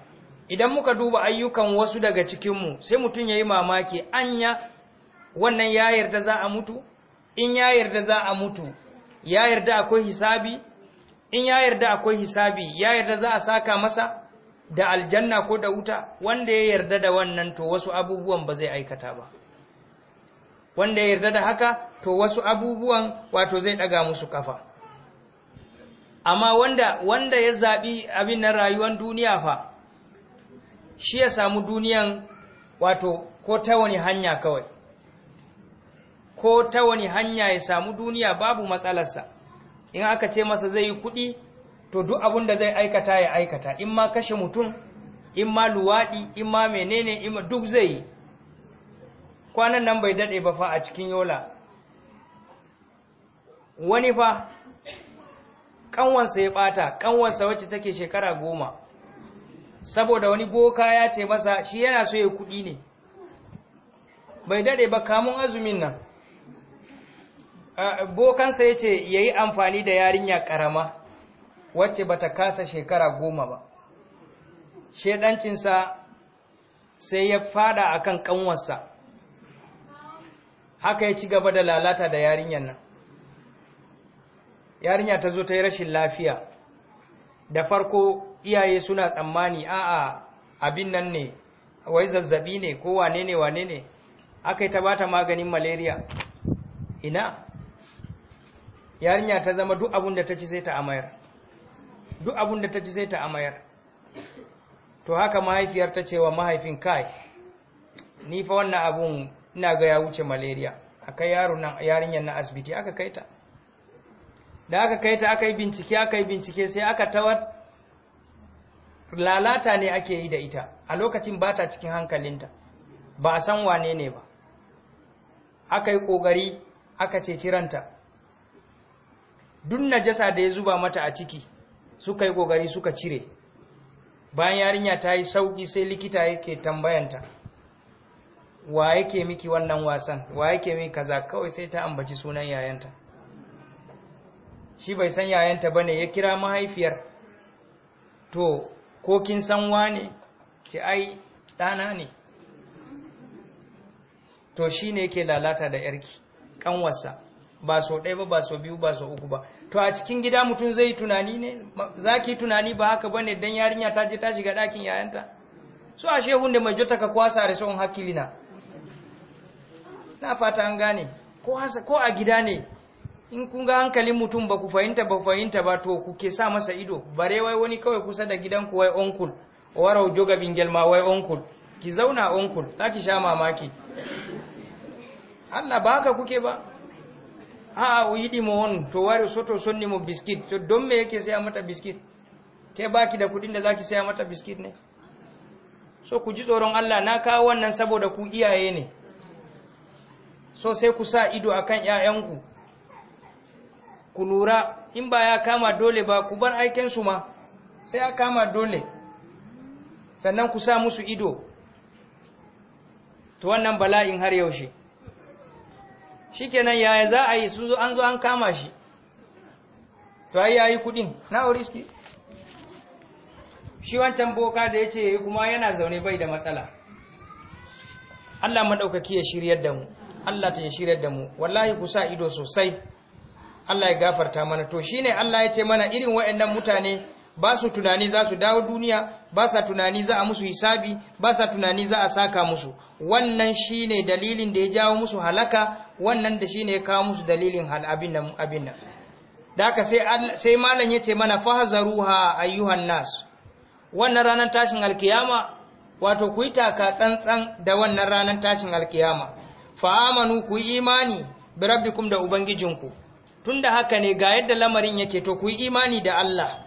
[SPEAKER 2] idan muka duba ayyukan wasu daga cikinmu sai mutum ya yi mamaki anya wannan ya yarda za a mutu in ya yarda za a mutu ya yarda akwai hisabi in ya yarda akwai hisabi ya yarda za a saka masa da aljanna ko da wuta wanda ya yarda da wannan to wasu abubuwan ba zai aikata ba wanda ya yarda da haka to wasu abubuwan wato zai ɗaga musu kafa amma wanda wanda ya zaɓi abin na rayuwar duniya fa shi ya samu duniyan wato ko ta wani hanya kawai ko ta wani hanya ya samu duniya babu matsalarsa in aka ce masa zai yi kuɗi to duk abin da zai aikata ya aikata in ma kashe mutum in ma luwaɗi in ma menene in ma duk zai yi kwanan nan bai daɗe ba fa a cikin yola wani fa kanwansa ya bata kanwansa wacce take shekara goma saboda wani boka ya ce masa shi yana so ya kudi ne bai dade ba kamun azumin nan bokansa ya ce ya yi amfani da yarinya karama wacce ba ta kasa shekara goma ba shedancinsa sai ya fada akan kanwansa haka ya ci gaba da lalata da yarinyar nan yarinya ta zo ta yi rashin lafiya da farko iyaye suna tsammani a'a abin nan ne wai zazzabi ne ko wane ne wane ne aka yi ta bata maganin malaria ina yarinya ta zama duk abin da ta ci sai ta amayar duk abin da ta ci sai ta amayar to haka mahaifiyar ta cewa mahaifin kai ni fa wannan abun ina ga ya wuce malaria akai yaro nan yarinyar na asibiti aka kaita da aka kai ta aka yi bincike aka yi bincike sai aka tawar lalata ne ake yi da ita a lokacin ba ta cikin hankalinta ba a san wane ne ba aka yi ƙoƙari aka ceci ranta duk najasa da ya zuba mata a ciki suka yi ƙoƙari suka cire bayan yarinya ta yi sauƙi sai likita yake tambayanta wa yake miki wannan wasan wa yake miki kaza kawai sai ta ambaci sunan yayanta shi bai san yayanta bane ya kira mahaifiyar to ko kin san wane ce ai ɗana ne to shine yake lalata da yarki ƙanwarsa ba so ɗaya ba ba so biyu ba so uku ba to a cikin gida mutum zai tunani ne za ki tunani ba haka ba dan yarinya ta je ta shiga ɗakin yayanta su a shehun da mai jota ka kwasa da son hakili na fata an gane ko a gida ne in kun ga hankalin mutum ba ku fahimta ba fahimta ba to ku ke sa masa ido bare wai wani kawai kusa da gidanku wai onkul warau joga bingel ma wai onkul ki zauna onkul za ki sha mamaki Allah ba haka kuke ba a'a a yidi mu wani to wari soto son mo biskit to don me yake saya mata biskit ke baki da kudin da za zaki saya mata biskit ne so ku ji tsoron Allah na kawo wannan saboda ku iyaye ne so sai ku sa ido akan 'ya'yanku. ku lura in ba ya kama dole ba ku bar su ma sai ya kama dole sannan ku sa musu ido to wannan bala'in har yaushe shi kenan yaya za a yi su an zo an kama shi to ai yayi kudin na oriski shi wancan boka da yace kuma yana zaune bai da matsala Allah madaukaki ya shiryar da mu Allah ta ya shiryar da mu wallahi ku sa ido sosai Allah ya gafarta mana to shine Allah ya ce mana irin waɗannan mutane ba su tunani za su dawo duniya ba sa tunani za a musu hisabi ba sa tunani za a saka musu wannan shine dalilin da ya jawo musu halaka wannan da shine ya kawo musu dalilin hal abin nan abin nan da haka sai sai malam ce mana fahazaruha ayyuhan nas wannan ranar tashin alkiyama wato ku yi taka tsantsan da wannan ranar tashin alkiyama fa amanu ku yi imani bi rabbikum da ubangijinku tunda haka ne ga yadda lamarin yake to ku yi imani da Allah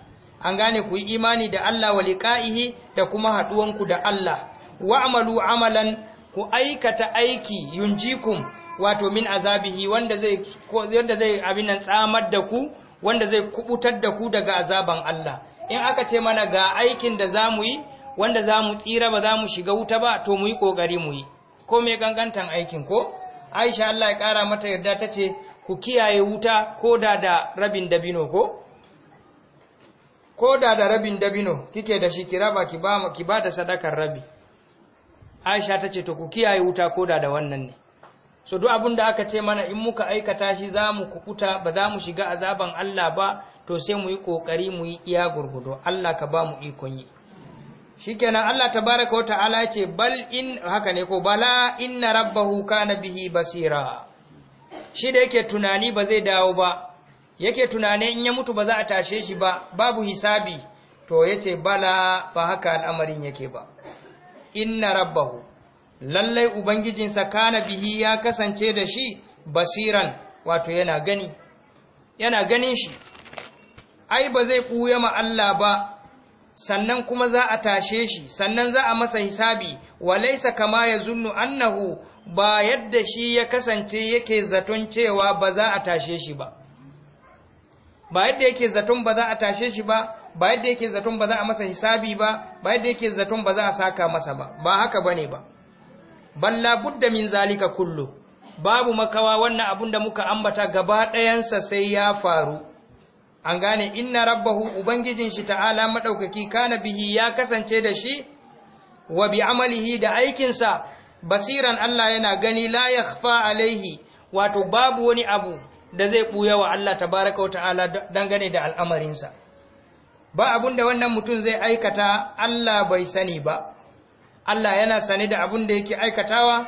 [SPEAKER 2] an gane ku yi imani da Allah wa liqa'ihi da kuma ku da Allah wa'malu amalan ku aikata aiki yunjikum wato min azabihi wanda zai wanda zai abin nan tsamar da ku wanda zai kubutar da ku daga azaban Allah in aka ce mana ga aikin da zamu yi wanda zamu tsira ba zamu shiga wuta ba to mu yi kokari mu yi ko me gangantan aikin ko Aisha Allah ya kara mata yarda tace ku kiyaye wuta ko da da rabin dabino ko ko da da rabin dabino kike da shi ki raba ki ba ki ba da sadakar rabi Aisha tace to ku kiyaye wuta ko da da wannan ne so duk abin da aka ce mana in muka aikata shi za mu kukuta ba za mu shiga azaban Allah ba to sai mu yi kokari mu yi iya gurgudo Allah ka ba mu ikon yi shikenan Allah ta wa ta'ala ya ce bal in haka ne ko bala inna rabbahu kana bihi basira shi da yake tunani ba zai dawo ba yake tunani in ya mutu ba za a tashe shi ba babu hisabi to yace bala fa haka al'amarin yake ba inna rabbahu lallai ubangijinsa kana bihi ya kasance da shi basiran wato yana gani yana ganin shi ai ba zai ɓuya ma Allah ba sannan kuma za a tashe shi sannan za a masa hisabi walaisa kama ya zunnu annahu ba yadda shi ya kasance yake zaton cewa ba za a tashe shi ba ba yadda yake zaton ba za a tashe shi ba ba yadda yake zaton ba za a masa hisabi ba ba yadda yake zaton ba za a saka masa ba ba haka ne ba balla budda min zalika kullu babu makawa wannan abun da muka ambata gaba ɗayansa sai ya faru an gane inna rabbahu ubangijin shi ta'ala madaukaki kana bihi ya kasance da shi wa bi amalihi da aikinsa basiran Allah yana gani la yakhfa alaihi wato babu wani abu da zai buya wa Allah tabaraka ta'ala dangane da al'amarinsa ba abun da wannan mutum zai aikata Allah bai sani ba Allah yana sane da abun da yake aikatawa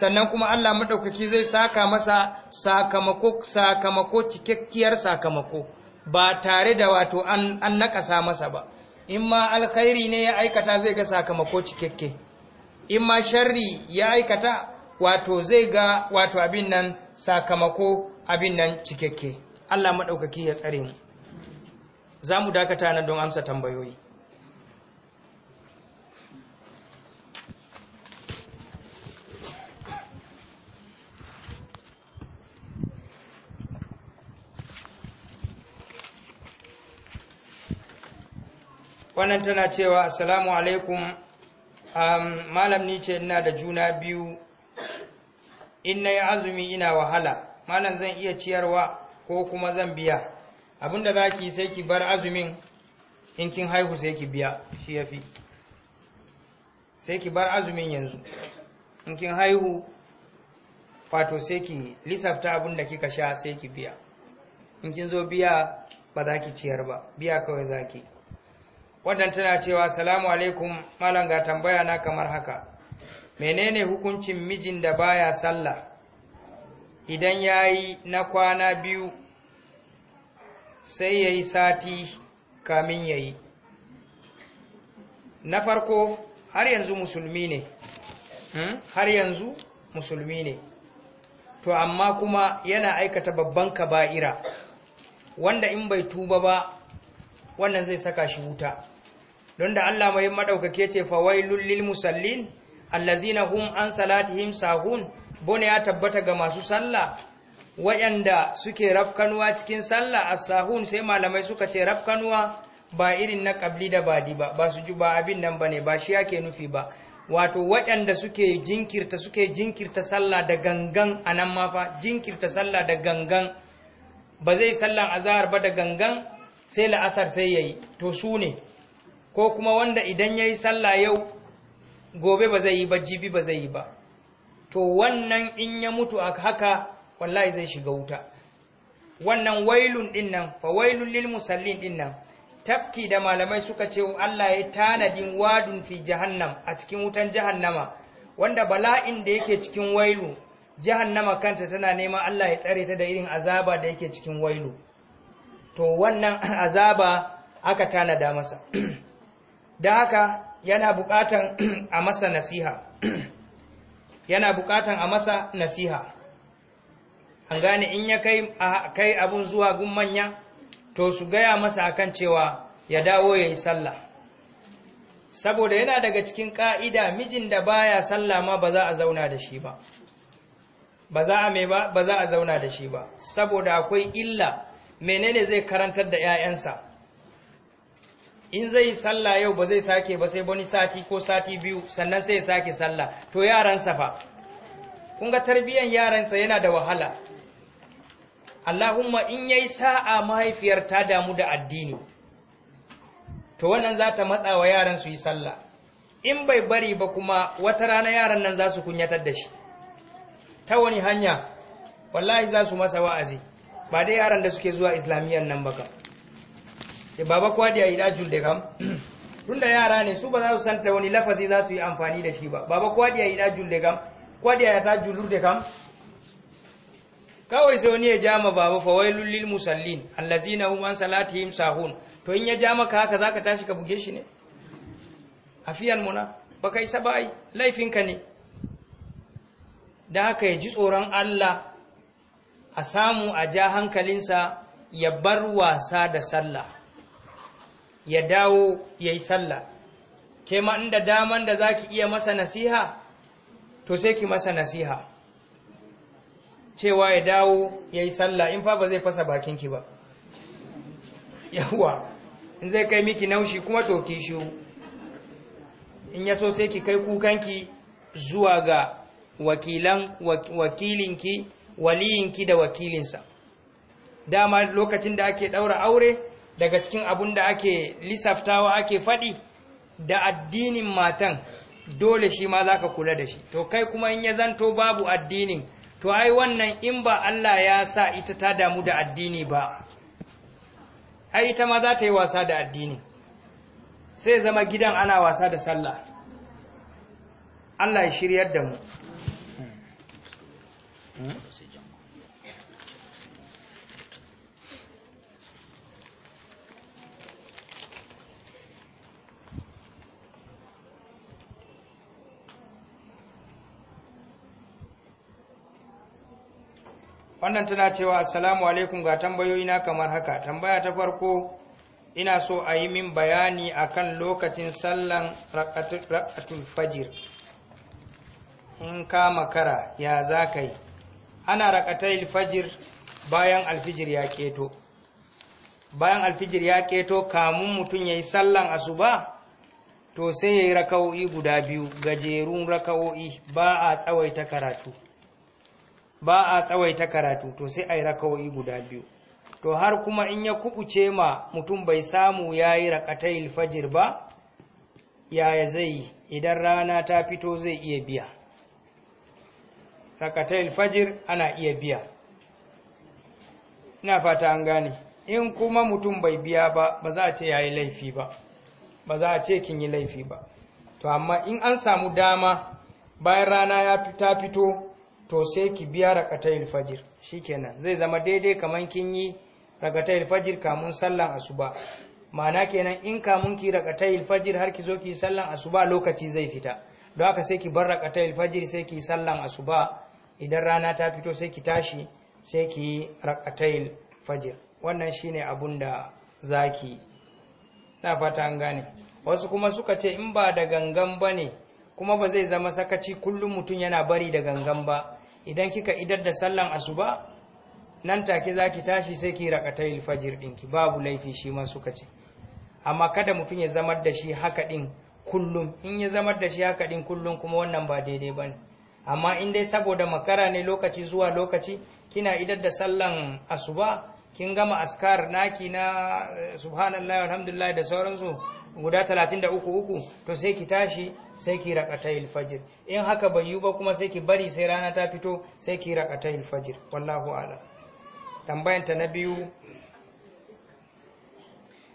[SPEAKER 2] sannan kuma Allah madaukaki zai saka masa sakamako sakamako cikakkiyar sakamako ba tare da wato an an nakasa masa ba in ma alkhairi ne ya aikata zai ga sakamako cikakke in ma sharri ya aikata wato zai ga wato abin nan sakamako abin nan cikakke Allah maɗaukaki ya tsare mu za mu dakata nan don amsa tambayoyi wannan tana cewa assalamu alaikum Um, malam ni ce ina da juna biyu in na yi azumi ina wahala malam zan iya ciyarwa ko kuma zan biya abinda za ki sai ki bar azumin in kin haihu sai ki biya shi ya fi sai ki bar azumin yanzu in kin haihu fato sai ki lissafta abinda kika sha sai ki biya in kin zo biya ba za ki ciyar ba biya kawai za ki wannan tana cewa salamu alaikum malam ga tambaya na kamar haka menene hukuncin mijin da baya sallah idan yayi na kwana biyu sai yayi sati kamin yayi na farko har yanzu musulmi ne hmm? har yanzu musulmi ne to amma kuma yana aikata babban kaba'ira wanda in bai tuba ba wannan zai saka shi wuta don da Allah mai madaukake ce fawai lil musallin allazina hum an salatihim sahun bone ya tabbata ga masu sallah wayanda suke rafkanuwa cikin sallah as-sahun sai malamai suka ce rafkanuwa ba irin na kabli da badi ba ba su ji ba abin nan bane ba shi yake nufi ba wato waɗanda suke jinkirta suke jinkirta sallah da gangan anan ma fa jinkirta sallah da gangan ba zai sallan azhar ba da gangan sai la'asar sai yayi to su ne ko kuma wanda idan ya yi sallah yau gobe ba zai yi ba jibi ba zai yi ba to wannan in ya mutu a haka wallahi zai shiga wuta wannan wailun din nan fa wailun lil musallin din nan tafki da malamai suka ce Allah ya tanadin wadun fi jahannam a cikin wutan jahannama wanda bala'in da yake cikin wailu jahannama kanta tana neman Allah ya tsare ta da irin azaba da yake cikin wailu to wannan azaba aka tanada masa da haka yana bukatan a masa nasiha yana bukatan a masa nasiha an gane in ya kai kai abun zuwa gun manya to su gaya masa akan cewa ya dawo ya yi sallah saboda yana daga cikin ka'ida mijin da baya sallah ma ba za a zauna da shi ba ba za a mai ba ba za a zauna da shi ba saboda akwai illa menene zai karantar da 'ya'yansa in zai sallah yau ba zai sake ba sai wani sati ko sati biyu sannan sai ya sake sallah to yaransa fa kun ga tarbiyan yaransa yana da wahala Allahumma in yayi sa'a mahaifiyar ta damu da addini to wannan za ta matsa wa yaran su yi sallah in bai bari ba kuma wata rana yaran nan za su kunyatar da shi ta wani hanya wallahi za su masa wa'azi ba dai yaran da suke zuwa islamiyyar nan ba ka. Eh, da baba kwadi a ina da kam tunda yara ne su ba za su san ta wani lafazi za su yi amfani da shi ba baba kwadi a ina da kam da ya ta da kam kawai sai wani ya jama baba fa wailul lil musallin allazina hum an salatihim sahun to in ya jama ka haka zaka tashi ka buge shi ne afiyan muna baka isa ba ai laifinka ne da haka ya ji tsoron Allah a samu a ja hankalinsa ya bar wasa da sallah ya dawo ya yi sallah ke ma inda daman da za ki iya masa nasiha to sai ki masa nasiha cewa ya dawo ya yi sallah in fa ba zai fasa bakinki ba yawwa in zai kai miki naushi kuma to ki shiru in ya so sai ki kai kukanki zuwa ga wakilan wakilinki waliyinki da wakilinsa dama lokacin da ake ɗaura aure daga cikin abun da ake lisaftawa ake faɗi da addinin matan dole shi ma za ka kula da shi to kai kuma in ya zanto babu addinin to ai wannan in ba Allah ya sa ita ta damu da addini ba ai ita ma za ta yi wasa da addini sai zama gidan ana wasa da sallah Allah ya shiryar da mu hmm. Hmm. wannan tana cewa assalamu alaikum ga tambayoyi na kamar haka tambaya ta farko ina so a yi min bayani akan lokacin sallan rakatun fajir in ka makara ya za ka yi ana rakatul fajir bayan alfijir ya keto bayan alfijir ya keto kamun mutum ya yi sallan asuba to sai ya yi raka'o'i guda biyu gajerun raka'o'i ba a tsawaita karatu ba a tsawaita karatu to sai a yi rakawai guda biyu to har kuma in ya kubuce ma mutum bai samu ya yi raƙatayil fajir ba yaya zai yi idan rana ta fito zai iya biya raƙatayil fajir ana iya biya ina fata an gane in kuma mutum bai biya ba ba za a ce ya yi laifi ba ba za a ce kin yi laifi ba to amma in an samu dama bayan rana ya fito to sai ki biya rakatayil fajir kenan zai zama daidai kaman kin yi rakatayil fajir kamun sallan asuba ma'ana kenan in kamun ki rakatayil fajir har ki zo ki sallan asuba lokaci zai fita don haka sai ki bar rakatayil fajir sai ki sallan asuba idan rana ta fito sai ki tashi sai ki rakatayil fajir wannan shine abun da zaki na fata an gane wasu kuma suka ce in ba da gangan bane kuma ba zai zama sakaci kullum mutum yana bari da gangan ba idan kika idar da sallan asuba nan take zaki tashi sai ki rakatai alfajir dinki babu laifi shi ma suka ce amma kada mutum ya zamar da shi haka din kullum in ya zamar da shi haka din kullum kuma wannan ba daidai bane amma in dai saboda makara ne lokaci zuwa lokaci kina idar da sallan asuba kin gama askar naki na eh, subhanallahi alhamdulillah da sauransu guda talatin da uku to sai ki tashi sai ki raƙatayil fajir in haka bai yi ba kuma sai ki bari sai rana ta fito sai ki raƙatayil fajir wallahu ala tambayanta na biyu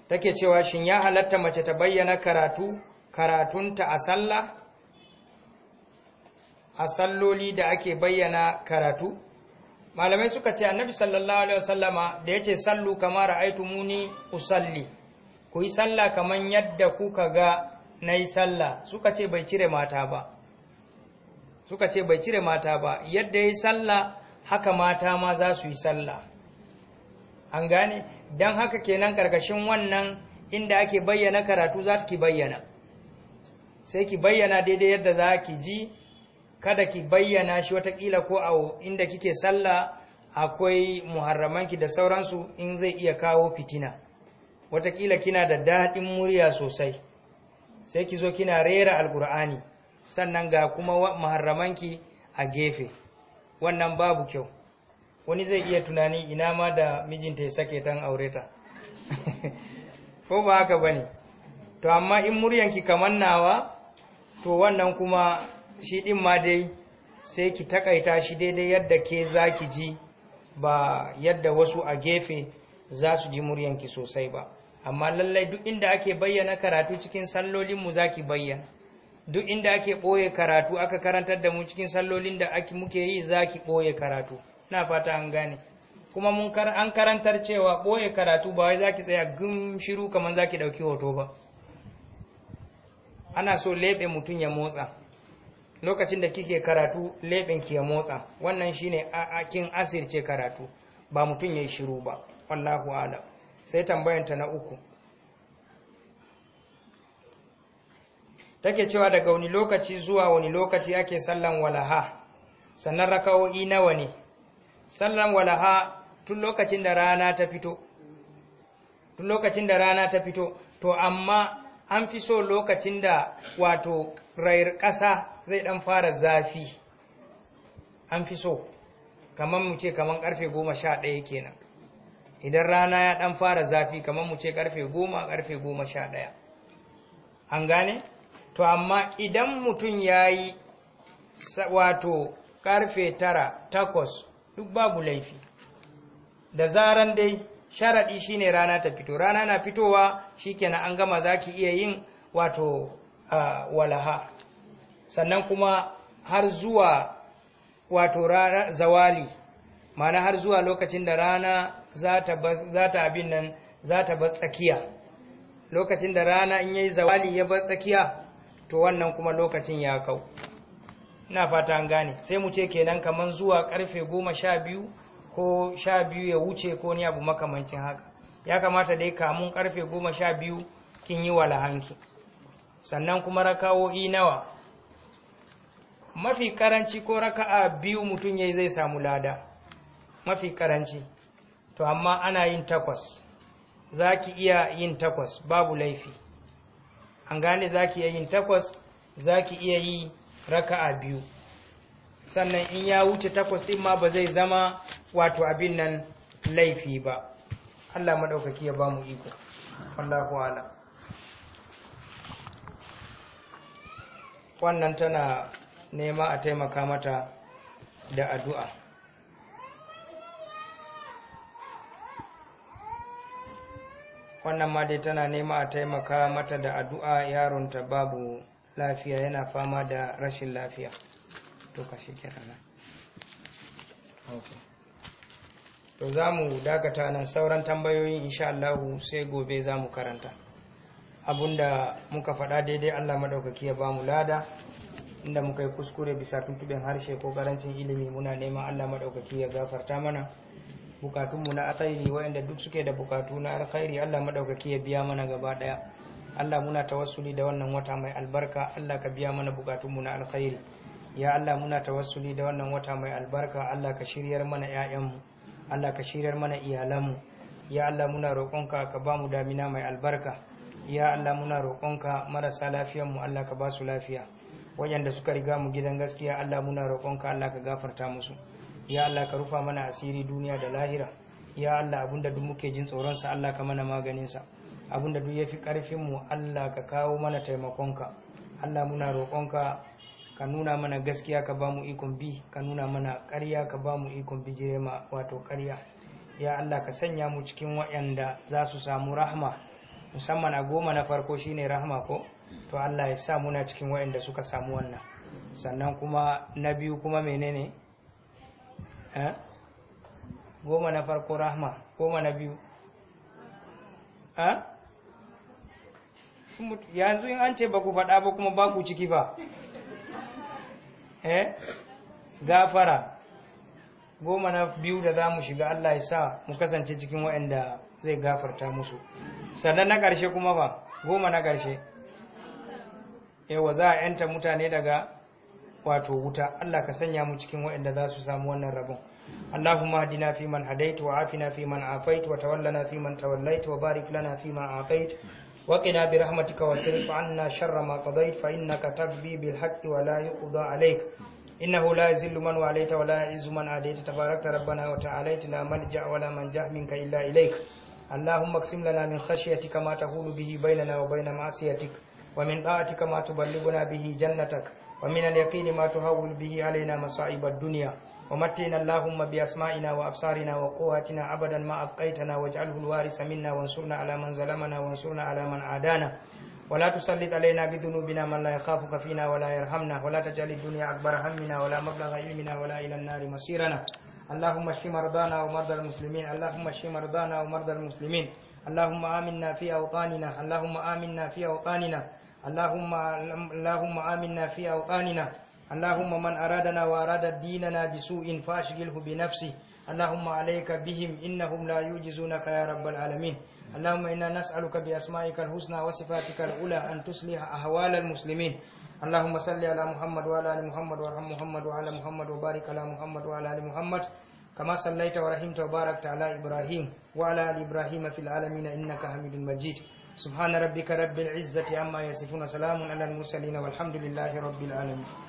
[SPEAKER 2] take cewa shin ya halatta mace ta bayyana karatu karatunta a sallah a salloli da ake bayyana karatu malamai suka ce annabi sallallahu alaihi wasallama da yace sallu aitu muni usalli ku yi sallah kamar yadda kuka ga na yi sallah suka ce bai cire mata ba suka ce bai cire mata ba yadda ya yi sallah haka mata ma za su yi sallah an gane don haka kenan karkashin wannan inda ake bayyana karatu za ki bayyana sai ki bayyana daidai yadda za ki ji kada ki bayyana shi watakila ko a inda kike sallah akwai muharramanki da sauransu in zai iya kawo fitina watakila kina da daɗin murya sosai sai ki zo kina rera alkur'ani sannan ga kuma maharramanki a gefe wannan babu kyau wani zai iya tunani ina ma da mijinta ya sake tan aureta ko ba haka bane to amma in muryanki kaman nawa to wannan kuma shi din ma dai sai ki takaita shi daidai yadda ke zaki ji ba yadda wasu a gefe za su ji muryanki sosai ba amma lallai duk inda ake bayyana karatu cikin sallolin mu zaki bayyana duk inda ake boye karatu aka karantar da mu cikin sallolin da ake muke yi za ki ɓoye karatu na fata an gane kuma mun kar an karantar cewa ɓoye karatu ba wai za tsaya gum shiru kaman zaki dauki hoto ba ana so leɓe mutum ya motsa lokacin da kike karatu ki ya motsa wannan shine a akin asirce karatu ba mutum ya shiru ba wallahu alam sai tambayanta na uku take cewa daga wani lokaci zuwa wani lokaci ake sallan walaha sannan raka'o'i nawa ne sallan walaha tun lokacin da rana ta fito tun lokacin da rana ta fito to amma an fi so lokacin da wato rayar ƙasa zai dan fara zafi an fi so kamar mu ce kamar karfe goma sha ɗaya kenan idan rana ya ɗan fara zafi kamar mu ce ƙarfe goma ƙarfe goma sha ɗaya an gane to amma idan mutum ya yi wato ƙarfe tara takwas duk babu laifi da zaran dai sharaɗi shine rana ta fito rana na fitowa shikenan an gama za ki iya yin wato walaha sannan kuma har zuwa wato zawali ma'ana har zuwa lokacin da rana Zata abin nan zata ta bar tsakiya lokacin da rana in yayi zawali ya bar tsakiya to wannan kuma lokacin ya kau ina fata an gane sai mu ce kenan kaman zuwa karfe goma sha ko sha ya wuce ko ni abu makamancin haka ya kamata dai kamun karfe goma sha kin yi walahanki sannan kuma I nawa mafi karanci ko raka'a biyu mutum yayi zai samu lada mafi karanci to amma ana yin takwas za ki iya yin takwas babu laifi an gane za ki iya yin takwas za ki iya yi raka'a biyu sannan in ya wuce takwas ɗin ma ba zai zama wato abin nan laifi ba Allah maɗaukaki ya ba mu iko wallahu ala wannan tana nema a taimaka mata da addu'a wannan ma dai tana nema a taimaka mata da addu'a yaronta babu lafiya yana fama da rashin lafiya to ka shi kenan to za mu dakata nan sauran tambayoyin insha Allah sai gobe za mu karanta abinda muka faɗa daidai Allah maɗaukaki ya ba mu lada inda muka yi kuskure bisa tuntuɓin harshe ko karancin ilimi muna neman Allah maɗaukaki ya gafarta mana bukatunmu na alkhairi wayanda duk suke da bukatu na alkhairi Allah madaukaki ya biya mana gaba daya Allah muna tawassuli da wannan wata mai albarka Allah ka biya mana bukatunmu na alkhairi ya Allah muna tawassuli da wannan wata mai albarka Allah ka shiryar mana ƴaƴanmu Allah ka shiryar mana iyalanmu ya Allah muna roƙonka ka ba mu damina mai albarka ya Allah muna roƙonka marasa lafiyanmu Allah ka ba su lafiya wayanda suka riga mu gidan gaskiya Allah muna roƙonka Allah ka gafarta musu ya Allah ka rufa mana asiri duniya da lahira ya Allah abinda duk muke jin tsoron sa Allah ka mana maganin sa abinda duk yafi karfin mu Allah ka kawo mana taimakon ka Allah muna roƙon ka ka nuna mana gaskiya ka bamu ikon bi ka nuna mana ƙarya ka bamu ikon bi wato ƙarya ya Allah ka sanya mu cikin waɗanda za su samu rahma musamman a goma na farko shine rahma ko to Allah ya sa muna cikin waɗanda suka samu wannan sannan kuma na biyu kuma menene goma na farko rahma goma na biyu yanzu in an ce ba ku faɗa ba kuma ba ku ciki ba eh gafara goma na biyu da za mu shiga Allah ya sa mu kasance cikin waɗanda zai gafarta musu sannan na ƙarshe kuma ba goma na ƙarshe yawa za a yanta mutane daga wato wuta Allah ka sanya mu cikin waɗanda za su samu wannan rabon اللهم اهدنا فيمن هديت وعافنا فيمن عافيت وتولنا فيمن توليت وبارك لنا فيما أعطيت وقنا برحمتك واصرف عنا شر ما قضيت فإنك تقضي بالحق ولا يقضى عليك إنه لا يزل من وعليت ولا يعز من عديت تبارك ربنا وتعاليت لا ملجأ من ولا منجأ منك إلا إليك اللهم اقسم لنا من خشيتك ما تهول به بيننا وبين معصيتك ومن طاعتك ما تبلغنا به جنتك ومن اليقين ما تهول به علينا مصائب الدنيا ومتنا اللهم بأسمائنا وأبصارنا وقواتنا أبدا ما أبقيتنا واجعله الوارث منا وانصرنا على من ظلمنا وانصرنا على من عادانا ولا تسلط علينا بذنوبنا من لا يخافك فينا ولا يرحمنا ولا تجعل الدنيا أكبر همنا ولا مبلغ علمنا ولا إلى النار مصيرنا اللهم اشف مرضانا ومرضى المسلمين اللهم اشف مرضانا ومرضى المسلمين اللهم آمنا في أوطاننا اللهم آمنا في أوطاننا اللهم اللهم آمنا في أوطاننا اللهم من أرادنا وأراد ديننا بسوء فأشغله بنفسه اللهم عليك بهم إنهم لا يوجزونك يا رب العالمين اللهم إنا نسألك بأسمائك الحسنى وصفاتك الأولى أن تصلح أهوال المسلمين اللهم صل على محمد وعلى آل محمد وارحم محمد وعلى محمد وبارك على محمد وعلى آل محمد كما صليت ورحمت وباركت على إبراهيم وعلى آل إبراهيم في العالمين إنك حميد مجيد سبحان ربك رب العزة عما يصفون سلام على المرسلين والحمد لله رب العالمين